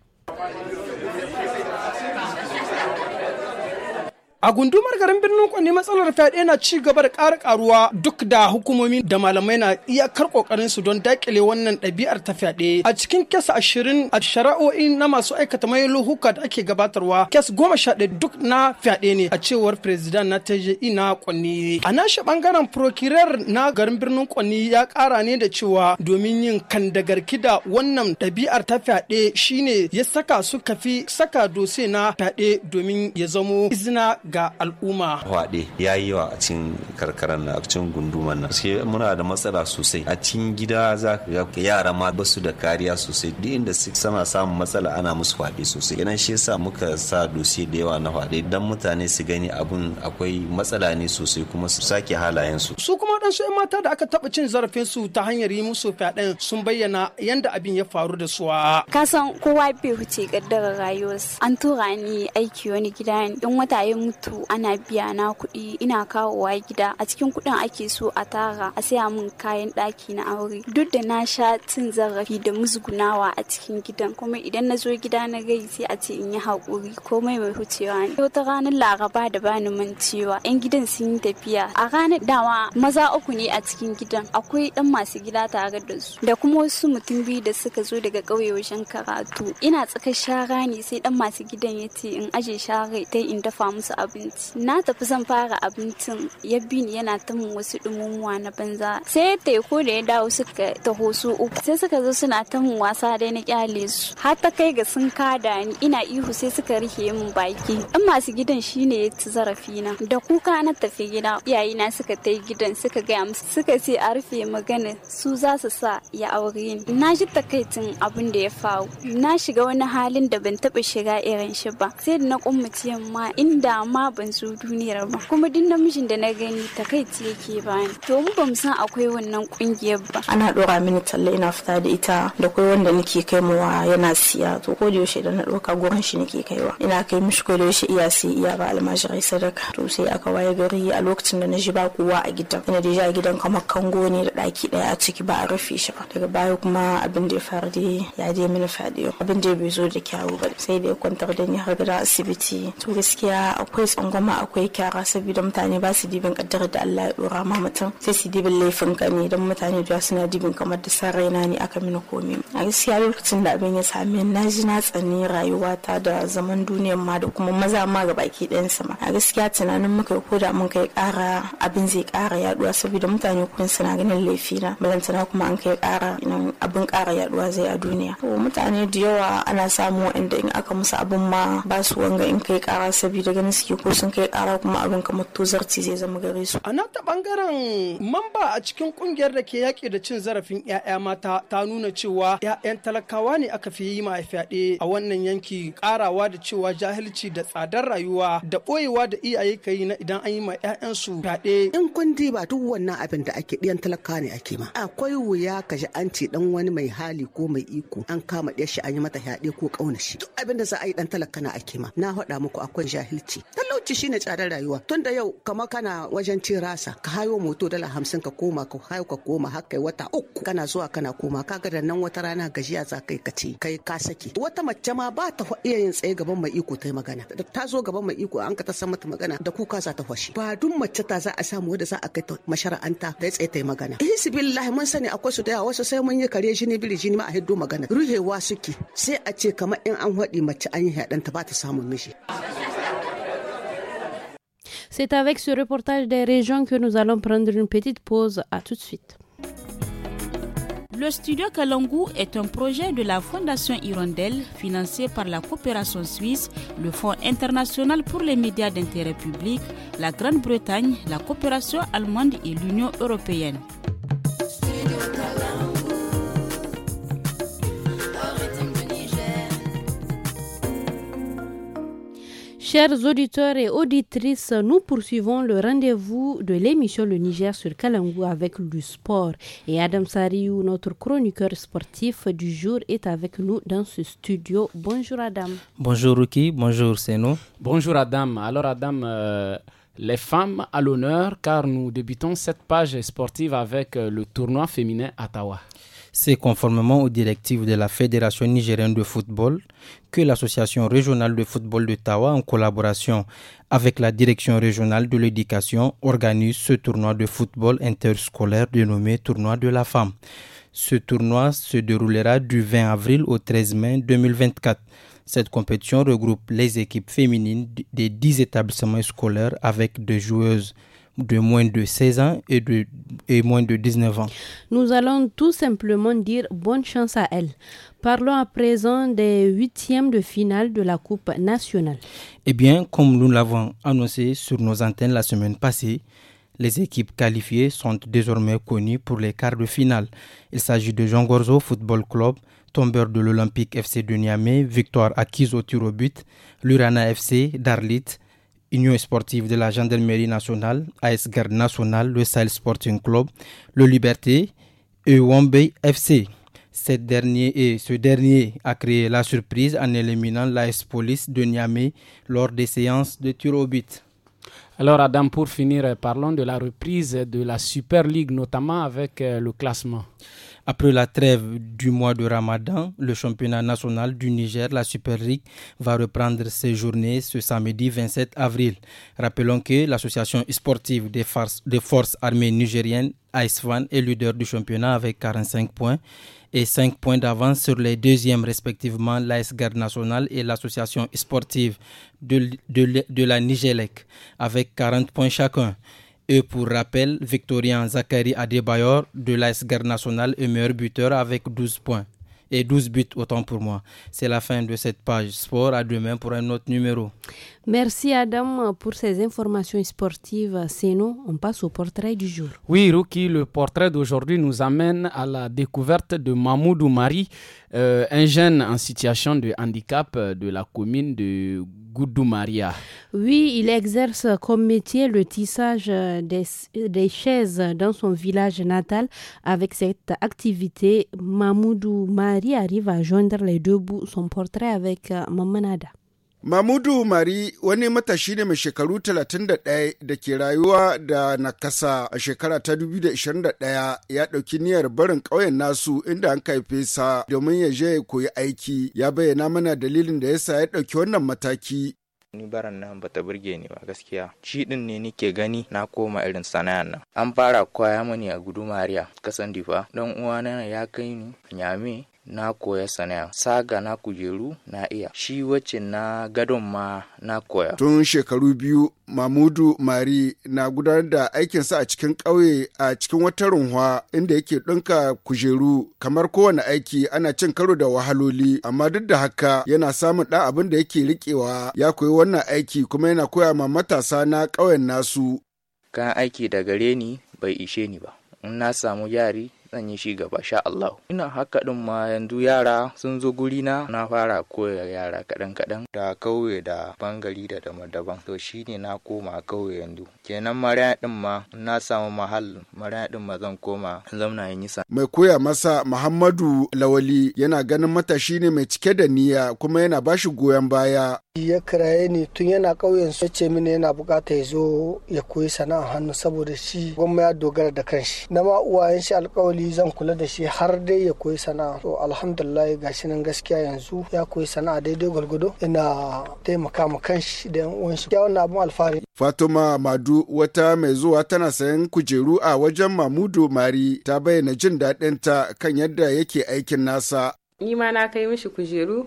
A gundumar garin birnin Kwani matsalar fyaɗe na ci gaba da ƙara karuwa. duk da hukumomi da malamai na iyakar ƙoƙarin su don daƙile wannan ɗabi'ar ta fyaɗe. A cikin kes ashirin a shara'o'i na masu aikata mai luhuka da ake gabatarwa kes goma sha ɗaya duk na fyaɗe ne a cewar firizidan na taje na Kwani. A nashi ɓangaren prokirar na garin birnin Kwani ya ƙara ne da cewa domin yin kandagarki da wannan ɗabi'ar ta fyaɗe shine ya saka su kafi saka dose na fyaɗe domin ya zamo izina ga al'umma. Hwaɗe ya yi yawa a cikin karkaran na a cikin gunduman na Sai muna da matsala sosai. A cikin gida za ka ga yara ma ba su da kariya sosai. Duk inda sana samun matsala ana musu hwaɗe sosai. Idan shi yasa muka sa dosi da yawa na hwaɗe dan mutane su gani abun akwai matsala ne sosai kuma su sake halayen Su kuma waɗansu 'yan mata da aka taɓa cin zarafin su ta hanyar yi musu fyaɗen sun bayyana yadda abin ya faru da suwa. Kasan kowa bai wuce gaddarar rayuwarsa. An tura ni aiki wani gida in wata ya mutu to ana biya na kuɗi ina kawowa gida a cikin kuɗin ake so a tara a saya min kayan ɗaki na aure duk da na sha cin zarafi da musgunawa a cikin gidan kuma idan na zo gida na gai sai a ce in yi haƙuri komai mai hucewa ne wata ranar laraba da bani cewa. yan gidan sun yi tafiya a ranar dama maza uku ne a cikin gidan akwai ɗan masu gida tare da su da kuma wasu mutum biyu da suka zo daga ƙauye wajen karatu ina tsaka shara ne sai ɗan masu gidan ya ce in aje shara dai in dafa musu abu abinci na tafi zan fara abincin ya bi yana ta wasu dumumuwa na banza sai teku da ya dawo suka taho su uku sai suka zo suna ta min wasa dai na kyale su har ta kai ga sun kada ni ina ihu sai suka rike min baki in masu gidan shine ya ci zarafi na da kuka na tafi gida iyayena suka tai gidan suka gaya musu suka ce a rufe magana su za su sa ya aure ni na ji takaicin abin da ya faru na shiga wani halin da ban taɓa shiga irin shi ba sai da na kummace ma inda amma ban so duniyar ba kuma duk namijin da na gani takaici yake bani to mu bamu san akwai wannan kungiyar ba ana dora mini talla ina fita da ita da kai wanda nake kai wa yana siya to ko da yaushe da na doka gurin shi nake kaiwa ina kai mishi ko da yaushe iya sai iya ba almashirai sadaka to sai aka waye gari a lokacin da na ji ba kowa a gidan ina da a gidan kamar kango ne da daki daya a ciki ba a rufe shi ba daga baya kuma abin da ya faru dai ya je mini fadiyo abin da bai zo da kyawu ba sai da ya kwantar da ni har gida asibiti to gaskiya akwai kes din akwai kyara saboda mutane ba su dibin kaddarar da Allah ya dora ma mutum sai su dibin laifin ka ne don mutane da suna dibin kamar da san raina ne aka mini komai a gaskiya lokacin da abin ya same na ji na tsani ta da zaman duniyar ma da kuma maza ma ga baki ɗayan sama a gaskiya tunanin muka ko koda mun kai kara abin zai kara yaduwa saboda mutane kun suna ganin laifi na balantana kuma an kai kara abin kara yaduwa zai a duniya to mutane da yawa ana samu wa'anda in aka musu abin ma ba su wanga in kai kara saboda ganin suke ko sun kai kara kuma abin kamar tozarci zai zama gare su. A nata bangaren mamba a cikin kungiyar da ke yaƙi da cin zarafin ƴaƴa mata ta nuna cewa ƴaƴan talakawa ne aka fi yi ma fyaɗe a wannan yanki ƙarawa da cewa jahilci da tsadar rayuwa da ɓoyewa da iyaye ka yi na idan an yi ma 'ya'yansu fyaɗe. In kun ba duk wannan abin da ake ɗiyan talakawa ne ake ma. Akwai wuya ka ji an ce ɗan wani mai hali ko mai iko an kama ɗiyar shi an yi mata fyaɗe ko ƙauna shi. Duk abin da za a yi ɗan talaka na ake ma. Na faɗa muku akwai jahilci. talauci shine tsadar rayuwa tun da yau kama kana wajen cin rasa ka hayo moto dala hamsin ka koma ka hayo ka koma har kai wata uku kana zuwa kana koma kaga da nan wata rana gajiya za kai ka ce kai ka saki wata mace ma ba ta iya yin tsaye gaban mai iko ta magana da ta zo gaban mai iko an ka ta san mata magana da kuka za ta fashi ba duk mace ta za a samu wadda za a kai ta mashara'anta da tsaye ta magana hisbillahi mun sani akwai su da yawa wasu sai mun yi kare jini biri jini ma a hiddo magana ruhewa suke sai a ce kamar in an haɗi mace an yi haɗanta ba ta samun miji. C'est avec ce reportage des régions que nous allons prendre une petite pause. À tout de suite. Le studio Kalangu est un projet de la Fondation Hirondelle financé par la coopération suisse, le Fonds international pour les médias d'intérêt public, la Grande-Bretagne, la coopération allemande et l'Union européenne. Chers auditeurs et auditrices, nous poursuivons le rendez-vous de l'émission Le Niger sur Kalangou avec du sport. Et Adam Sariou, notre chroniqueur sportif du jour, est avec nous dans ce studio. Bonjour Adam. Bonjour Ruki, bonjour Seno. Bonjour Adam. Alors Adam, euh, les femmes à l'honneur car nous débutons cette page sportive avec euh, le tournoi féminin Ottawa. C'est conformément aux directives de la Fédération nigérienne de football que l'Association régionale de football d'Ottawa, en collaboration avec la Direction régionale de l'éducation, organise ce tournoi de football interscolaire dénommé Tournoi de la femme. Ce tournoi se déroulera du 20 avril au 13 mai 2024. Cette compétition regroupe les équipes féminines des 10 établissements scolaires avec des joueuses de moins de 16 ans et, de, et moins de 19 ans. Nous allons tout simplement dire bonne chance à elle. Parlons à présent des huitièmes de finale de la Coupe nationale. Eh bien, comme nous l'avons annoncé sur nos antennes la semaine passée, les équipes qualifiées sont désormais connues pour les quarts de finale. Il s'agit de Jean Gorzo Football Club, tombeur de l'Olympique FC de Niamey, victoire acquise au but, l'Urana FC, Darlit, Union sportive de la Gendarmerie nationale, AS Garde nationale, le Sahel Sporting Club, le Liberté et Wombe FC. dernier et ce dernier a créé la surprise en éliminant l'AS Police de Niamey lors des séances de Turobit. Alors Adam, pour finir, parlons de la reprise de la Super League, notamment avec euh, le classement. Après la trêve du mois de Ramadan, le championnat national du Niger, la Super League, va reprendre ses journées ce samedi 27 avril. Rappelons que l'association sportive des forces, armées nigériennes, ISFAN, est leader du championnat avec 45 points et 5 points d'avance sur les deuxièmes respectivement l'AS Garde nationale et l'association sportive de, la Nigélec avec 40 points chacun. Et pour rappel, Victorien Zachary Adébayor de l'AS Garde Nationale est meilleur buteur avec 12 points. Et 12 buts, autant pour moi. C'est la fin de cette page sport. À demain pour un autre numéro. Merci Adam pour ces informations sportives. nous, on passe au portrait du jour. Oui, Ruki, le portrait d'aujourd'hui nous amène à la découverte de Mahmoud Mari, euh, un jeune en situation de handicap euh, de la commune de oui, il exerce comme métier le tissage des, chaises dans son village natal. Avec cette activité, Mamoudou Marie arrive à joindre les deux bouts. Son portrait avec euh, Mamanada. Mamudu Mari wani matashi ne mai shekaru 31 da ke rayuwa da nakasa a shekara ta 2021 ya ɗauki niyyar barin ƙauyen nasu inda an kaife sa domin ya je ya koyi aiki ya bayyana mana dalilin da yasa ya ɗauki wannan mataki. ni baran nan bata burge ni ba gaskiya Ci din ne nike gani na koma irin sana'an nan an fara koya mani a gudumariya kasan difa don uwana ya kai ni nyame na koya sana'a saga na kujeru na iya shi wacce na gadon ma na koya tun shekaru biyu mamudu mari na gudanar da aikinsa a cikin ƙauye a cikin wata runwa inda yake ɗinka kujeru kamar kowane aiki ana cin karo da wahaloli amma duk da haka yana samun ɗan abin da yake riƙewa ya koyi wannan aiki kuma yana koya ma matasa na ƙauyen nasu kan aiki da gare ni bai ishe ni ba in na samu yari zan yi shi gaba sha Allah ina haka ɗin ma yanzu yara sun zo guri na na fara koya yara kaɗan kaɗan da kauye da bangari da daban daban to shine na koma kauye yanzu kenan maraya din ma na samu mahal maraya din ma zan koma zamna yin yisa mai koya masa Muhammadu Lawali yana ganin matashi ne mai cike da niyya kuma yana bashi goyon baya ya kiraye ni tun yana ƙauyen su ce mini yana bukata ya zo ya koyi sana'a hannu saboda shi gwamma ya dogara da kanshi na ma uwayen shi alkawali zan kula da shi har dai ya koyi sana'a to alhamdulillah shi nan gaskiya yanzu ya koyi sana'a daidai gwalgwado ina taimaka ma kanshi da yan uwan shi wannan abun alfahari Fatuma Madu wata mai zuwa tana sayan kujeru a wajen Mamudu Mari ta bayyana jin daɗinta kan yadda yake aikin nasa. Ni ma na kai mishi kujeru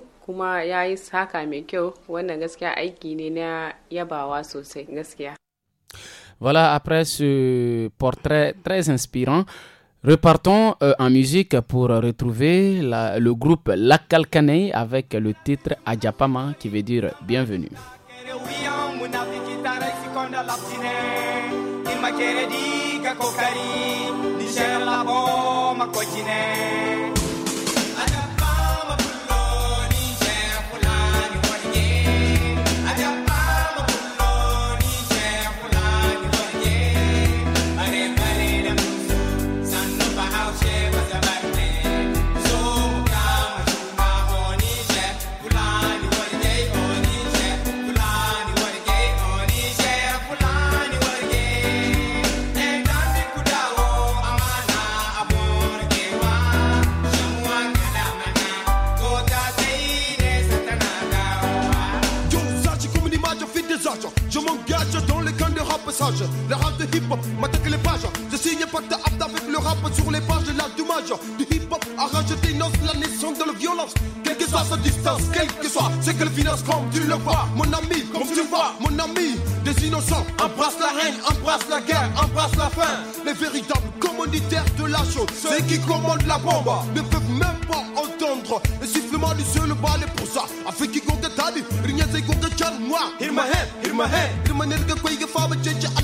Voilà, après ce portrait très inspirant, repartons euh, en musique pour retrouver le groupe La Calcanei avec le titre Adjapama qui veut dire bienvenue. Le rap de hip-hop m'attaque les pages. Je signe t'as apte avec le rap sur les pages de la dommage. Du hip-hop a rajouté une la naissance de la violence. Quelle que soit sa distance, quel que soit C'est qu'elle finance, comme tu le vois, mon ami, comme tu vois, mon ami. Des innocents Embrasse la reine, embrasse la guerre, embrasse la faim. Les véritables commanditaires de la chose, ceux qui commandent la bombe, ne peuvent même pas entendre le sifflement du seul balai pour ça. Afin qu'ils comptent ta vie, rien qu'on compte moi. Il my head, here my head, Il my head, in my head,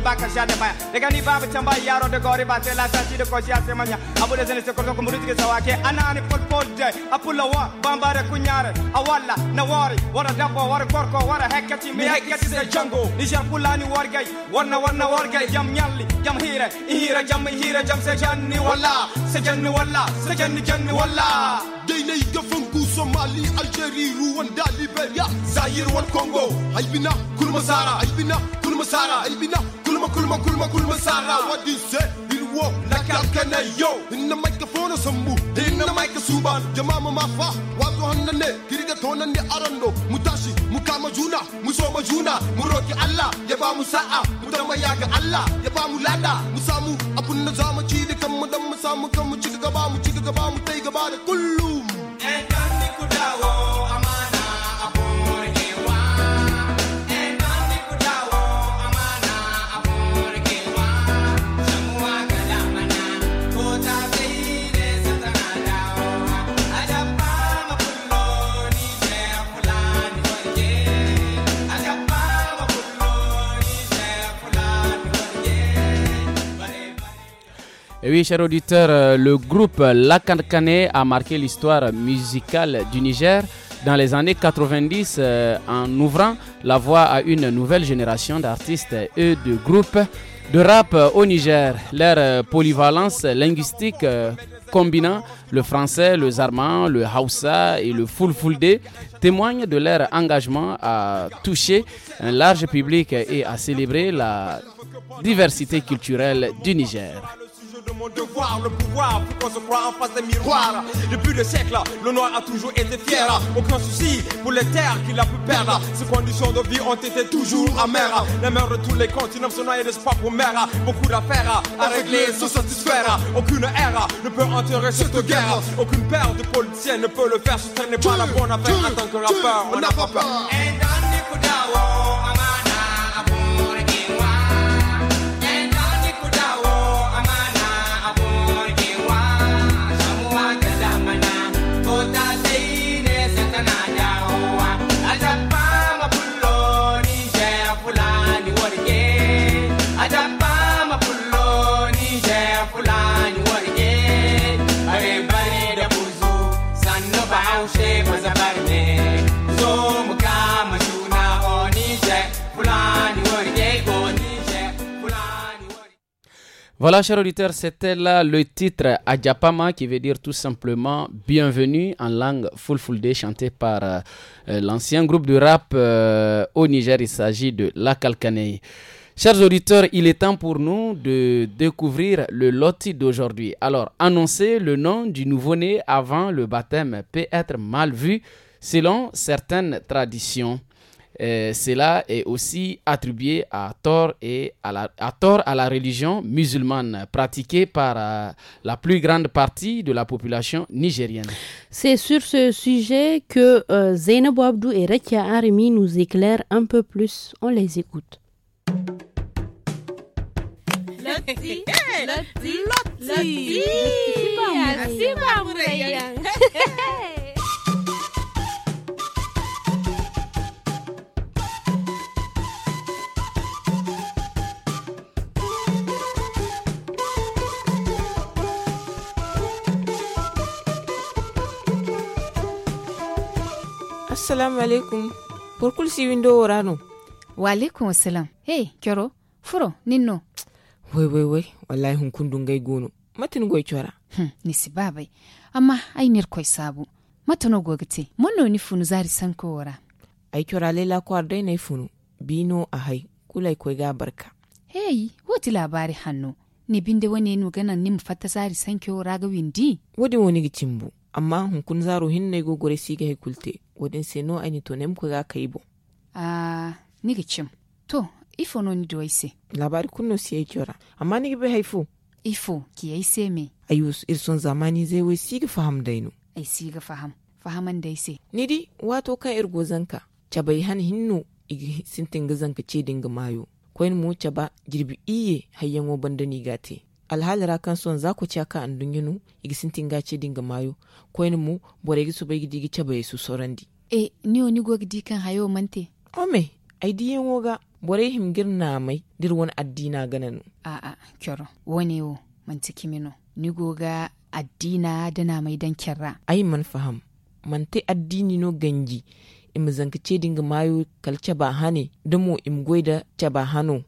bakashadebaya reka niba bitamba yaro de gore bate la santi de koshi zene ke sawake anani apula wa bambare kunyare awalla dabbo korko mi se jango pulani jam nyalli jam jam hire jam se janni walla se janni walla se janni janni walla daynay gafanku somali algérie rwanda libéria Zaire, wal congo albina kulmasara albina kulmasara albina kulma kulma kulma sara what do you say il wo la kalkana yo in the microphone sambu in the mic suban jamama mafa wa to hanne kiriga ni arando mutashi mukama juna musoma juna muroki allah ya ba mu sa'a mu ga allah ya ba mu lada mu samu abun da zamu ci da kan mu dan mu samu kan mu ci gaba mu mu tai gaba da kullu oui, chers auditeurs, euh, le groupe La a marqué l'histoire musicale du Niger dans les années 90 euh, en ouvrant la voie à une nouvelle génération d'artistes et de groupes de rap au Niger. Leur euh, polyvalence linguistique combinant le français, le zarman, le hausa et le fulfulde témoigne de leur engagement à toucher un large public et à célébrer la diversité culturelle du Niger monde de voir le pouvoir, pourquoi se croire en face des miroirs Depuis des siècles, le noir a toujours été fier, aucun souci pour les terres qu'il a pu perdre. Ses conditions de vie ont été toujours amères, les mères de tous les continents sont noyées d'espoir pour mère. Beaucoup d'affaires à régler se satisfaire, aucune ère ne peut enterrer cette guerre, aucune paire de politiciens ne peut le faire, ce n'est pas la bonne affaire tant que peur. on n'a pas peur. Voilà, chers auditeurs, c'était là le titre Adjapama qui veut dire tout simplement bienvenue en langue fulfulde chanté par euh, l'ancien groupe de rap euh, au Niger. Il s'agit de La Kalkanei. Chers auditeurs, il est temps pour nous de découvrir le loti d'aujourd'hui. Alors, annoncer le nom du nouveau-né avant le baptême peut être mal vu selon certaines traditions. Euh, cela est aussi attribué à tort, et à, la, à tort à la religion musulmane pratiquée par euh, la plus grande partie de la population nigérienne. C'est sur ce sujet que Zainabou euh, Zainab Abdou et Rekia Arimi nous éclairent un peu plus. On les écoute. assalamu alaikum pourquoi si windo worano wa alaikum assalam hey kyoro furo ninno wai wai wai wallahi hun kundun gai gono matin goy kyora hmm, nisi babai amma ai nir koy sabu matano gogite mono ni funu zari sanko wara ai kyora lela ko ardai nai funu bino a hai kulai koy ga barka hey wati labari hannu ni binde wani nu ganan ni mu zari sanko wara ga windi wodi woni gicimbu amma hunkun zaro hin go gogore si ga hekulte wadin se no ani to nem za ka yi bo a ga cim. to ifo no ni do ise labari kunno si e ra. amma nigi bai haifu ifo ki ai se me ayus irson er zamani zai wai siga faham dainu ai ga faham fahaman dai se ni di wato kan irgo er zanka bai han hinno igi sintin gazanka ce dinga mayo koyin mu ba jirbi iye hayyan wabanda ni gate alhalira kan son za ku caka an dunginu igisin tinga ce dinga mayo yin mu bore gi su bai gidi gi bai su di. e ni oni go gidi kan hayo mante me ai yin woga bore him girna mai dir wani addina gananu a a kyoro wani wo manti kimino ni goga addina dana mai dan kirra ai man faham mante addini no ganji im ce dinga mayo kalce ba hane dumo im goida ce ba hano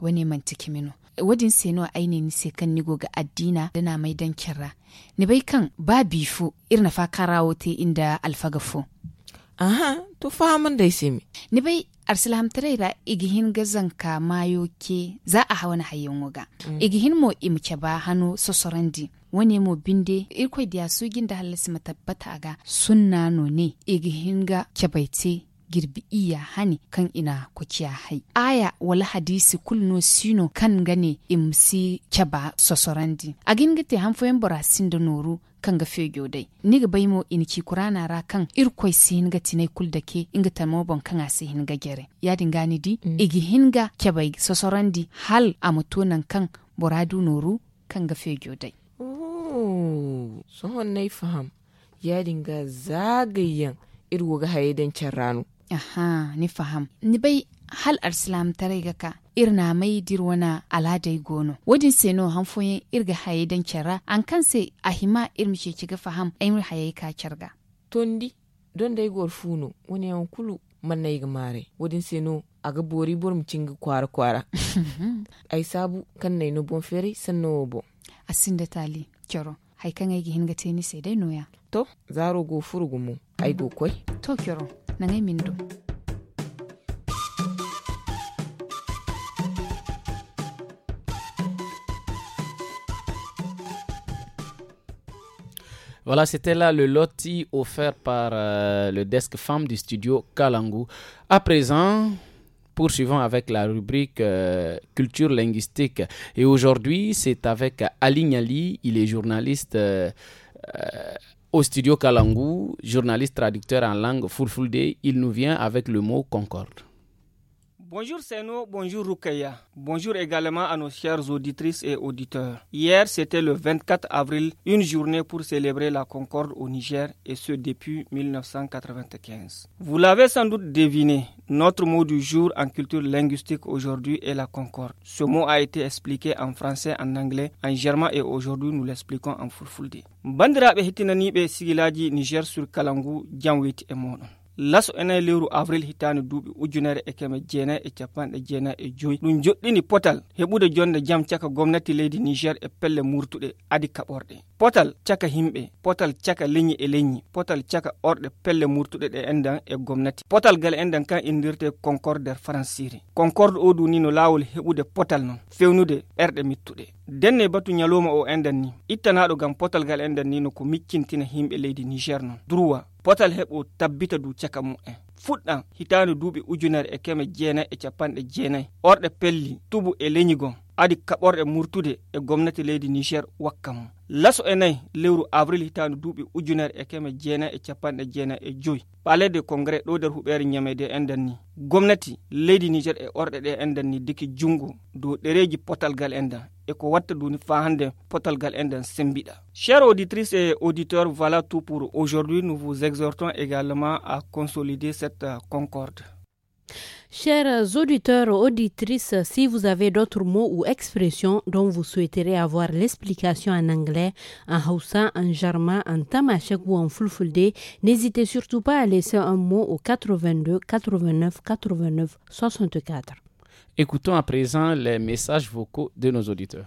wani manti kimino wadin sai nawa ainihin sai kan nigo ga addina dana mai dan kira ni bai kan ba bifu na fa karawo te inda alfagafo aha to fahamin dai semi ni bai arsilam da igihin gazan ka mayo ke za a hawa na hayin waga mm. igihin mo imke ba hannu sosorandi wani mo binde irkwai da su ginda halisi matabbata ga sunna no ne igihin ga kebaite girbi iya hani kan ina kukiya hai aya wala hadisi kulno sino kan gane imsi keba sosorandi agin gite hanfoyen borasin da noru kan ga fegyo dai niga bai mo in ki kurana ra kan irkoi si hinga tinai kul da ke inga ta bon kan asi hinga gere ya dingani di mm. igi hinga ke sosorandi hal a mutunan kan boradu noru kan ga fegyo dai oh sohon faham ya dinga zagayen irwo ga hayedan ranu. aha ni faham ni bai hal arsilam tarayga ka irna mai dirwana aladai gono wadin seno hanfoyin irga haye dan cara an kan kanse ahima irmishe ga faham aimir haye ka carga tondi don dai gor funo wani yan kulu man na mare wadin seno ga bori burin cinga kwara kwara ai sabu kan nay no bon san sanno bo da tali coro hay kan ai gihin ga teni sai dai noya to zaro go furugumu ai go to kero. Voilà, c'était là le loti offert par euh, le desk femme du studio Kalangu. À présent, poursuivons avec la rubrique euh, culture linguistique. Et aujourd'hui, c'est avec ali Il est journaliste. Euh, au studio Kalangu, journaliste traducteur en langue Fulfulde, il nous vient avec le mot concorde. Bonjour Seno, bonjour Rukaya. Bonjour également à nos chères auditrices et auditeurs. Hier, c'était le 24 avril, une journée pour célébrer la concorde au Niger et ce depuis 1995. Vous l'avez sans doute deviné, notre mot du jour en culture linguistique aujourd'hui est la concorde. Ce mot a été expliqué en français, en anglais, en germain et aujourd'hui nous l'expliquons en fulfulde. Niger sur Kalangu, et Monon. laso enayi e lewru avril hitande duuɓi ujunere e keme jeenayi e capanɗe jeenayi e joyi ɗum joɗɗini potal heɓude jonde jam caka gomnati leydi niger e pelle murtuɗe adi kaɓorɗe potal caka himɓe potal caka leñi e leñi potal caka orɗe pelle murtuɗe ɗe endan e gomnati potal gal endan kan indirte concorde nder france siri concorde o duni no laawol heɓude potal noon fewnude erɗe mittuɗe den ne batu nyaloma o enden ni ittanaɗo gam potal gal enden ni no ko miccintina himɓe leydi niger non droit potal heɓo tabbita dow caka mu'en fuɗɗam hitande duuɓi ujunere e keme jeenayi e capanɗe jeenayi orɗe pelli tubu e leñigon adi kaɓorɗe murtude e gomnati leydi niger wakkam laso e nayi lewru avril hitande duuɓi ujunere e keme jeenayi e capanɗe jeenayi e joyi ɓalede congrés ɗo nder huɓere ñamede de endani. gomnati leydi niger e orɗe ɗe e endani ni diki Do, dow ɗereji potalgal e' eko watta duni fa hande potalgal enden sembiɗa chère auditrice et auditeur voilà tout pour aujourd'hui nous vous exhortons également à consolider cette concorde Chers auditeurs, auditrices, si vous avez d'autres mots ou expressions dont vous souhaiterez avoir l'explication en anglais, en haussa, en jarma, en tamashek ou en fulfulde, n'hésitez surtout pas à laisser un mot au 82 89 89 64. Écoutons à présent les messages vocaux de nos auditeurs.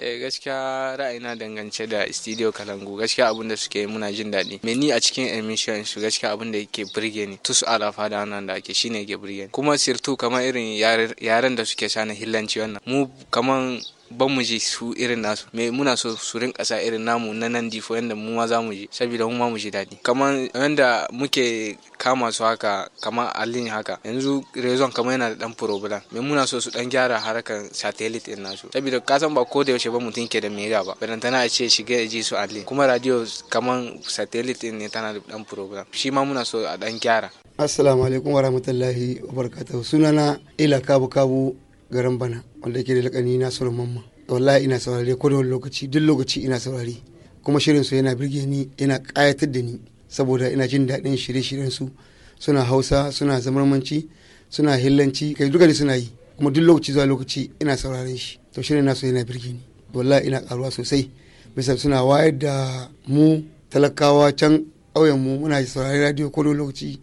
eh gaskiya ra'ayina dangance da studio kalangu gaskiya abin da suke muna jin daɗi me ni a cikin emission su gaskiya abin da yake burge ni tusu alafa da nan da ake shine yake burge ni kuma sirtu kamar irin yaren da suke sani hillanci wannan mu kaman ban mu je su irin nasu me muna so su rinka sa irin namu na nan difo yanda mu ma za mu je saboda mu ma mu ji daɗi kamar yanda muke kama su haka kamar alin haka yanzu rezon kamar yana da dan problem me muna so su dan gyara harkan satellite din nasu saboda ka san ba ko da yaushe ba mutum ke da mega ba tana a ce shiga ya ji su alin kuma radio kaman satellite din ne tana da dan problem shi ma muna so a dan gyara assalamu alaikum warahmatullahi wabarakatuh sunana ila kabu kabu garin bana wanda yake da lakani na sauran mamma wallahi ina saurare ko da wani lokaci duk lokaci ina saurare kuma shirin su yana birge ni yana kayatar da ni saboda ina jin daɗin shirye-shiryen su suna hausa suna zamarmanci suna hillanci kai duka da suna yi kuma duk lokaci zuwa lokaci ina sauraren shi to shirin nasu yana birge ni wallahi ina karuwa sosai bisa suna wayar da mu talakawa can mu muna saurari radio ko lokaci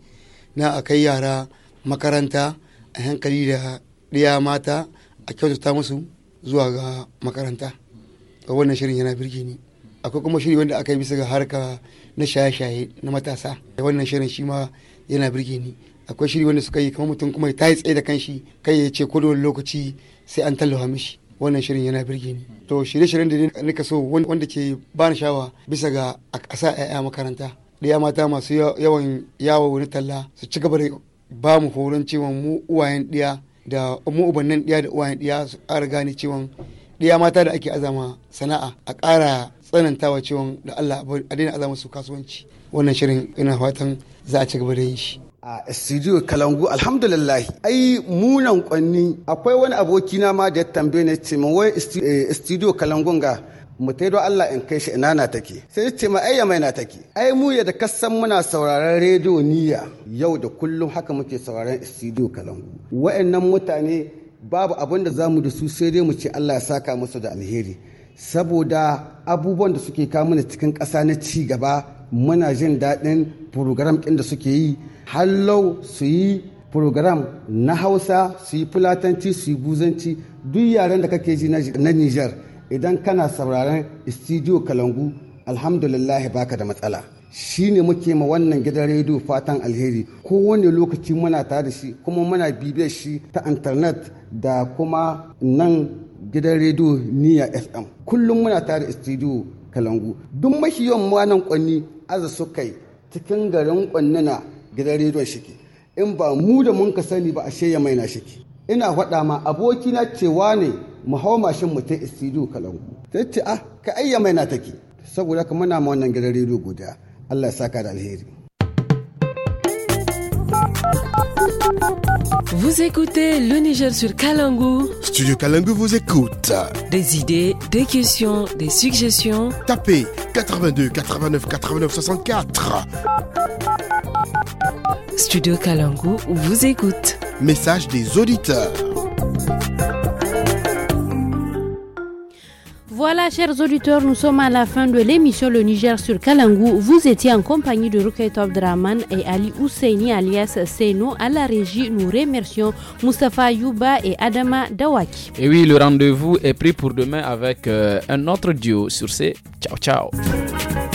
na a kai yara makaranta a hankali da ɗiya mata a kyautata musu zuwa ga makaranta wannan shirin yana birge ni akwai kuma shiri wanda aka yi bisa ga harka na shaye-shaye na matasa wannan shirin shi ma yana birge ni akwai shiri wanda suka yi kamar mutum kuma ta yi tsaye da kanshi kai ya ce ko dole lokaci sai an tallafa mishi wannan shirin yana birge ni to shirye-shiryen da nika so wanda ke ni shawa bisa ga a sa 'ya'ya makaranta Ya mata masu yawan yawo na talla su ci gaba da ba mu horon cewa mu uwayen ɗiya da mu ubannin ɗiya da uwayen ɗiya su ƙara gane ciwon ɗiya mata da ake azama sana'a a ƙara tsanantawa ciwon da Allah a daina azama su kasuwanci wannan shirin ina fatan za a ci gaba da yin shi. a studio kalangu alhamdulillah ai munan kwanni akwai wani abokina ma da ya tambaye ne ce wai eh, studio kalangun ga mu taido Allah in kai shi ina na take sai ce ma ayya mai na take ai mu ya da kasan muna sauraron rediyo niyya yau da kullum haka muke sauraron studio kalangu wa'annan mutane babu abin da zamu da su sai dai mu ce Allah ya saka musu da alheri saboda abubuwan da suke kawo mana cikin ƙasa na ci gaba muna jin daɗin program ɗin da suke yi hallau su yi program na hausa su yi fulatanci su yi buzanci duk yaren da kake ji na niger idan kana sauraron studio kalangu alhamdulillah baka da matsala shi ne muke ma wannan gidan rediyo fatan alheri kowane lokaci muna tare da shi kuma muna bibiyar shi ta intanet da kuma nan gidan rediyo niya fm kullum muna tare da studio kalangu duk yawan nan kwanni aza su kai cikin garin kwannina gidan rediyon shike in ba mu da mun ka sani ba a ya mai na shike ina faɗa ma abokina cewa ne kalangu ah take saboda Allah ya saka da Vous écoutez le Niger sur Kalangu. Studio Kalangu vous écoute. Des idées, des questions, des suggestions. Tapez 82 89 89 64. Studio Kalangu vous écoute. Message des auditeurs. Voilà, chers auditeurs, nous sommes à la fin de l'émission Le Niger sur Kalangou. Vous étiez en compagnie de of Draman et Ali Ousseini alias Seno. À la régie, nous remercions Mustafa Yuba et Adama Dawaki. Et oui, le rendez-vous est pris pour demain avec euh, un autre duo. Sur ces... ciao ciao.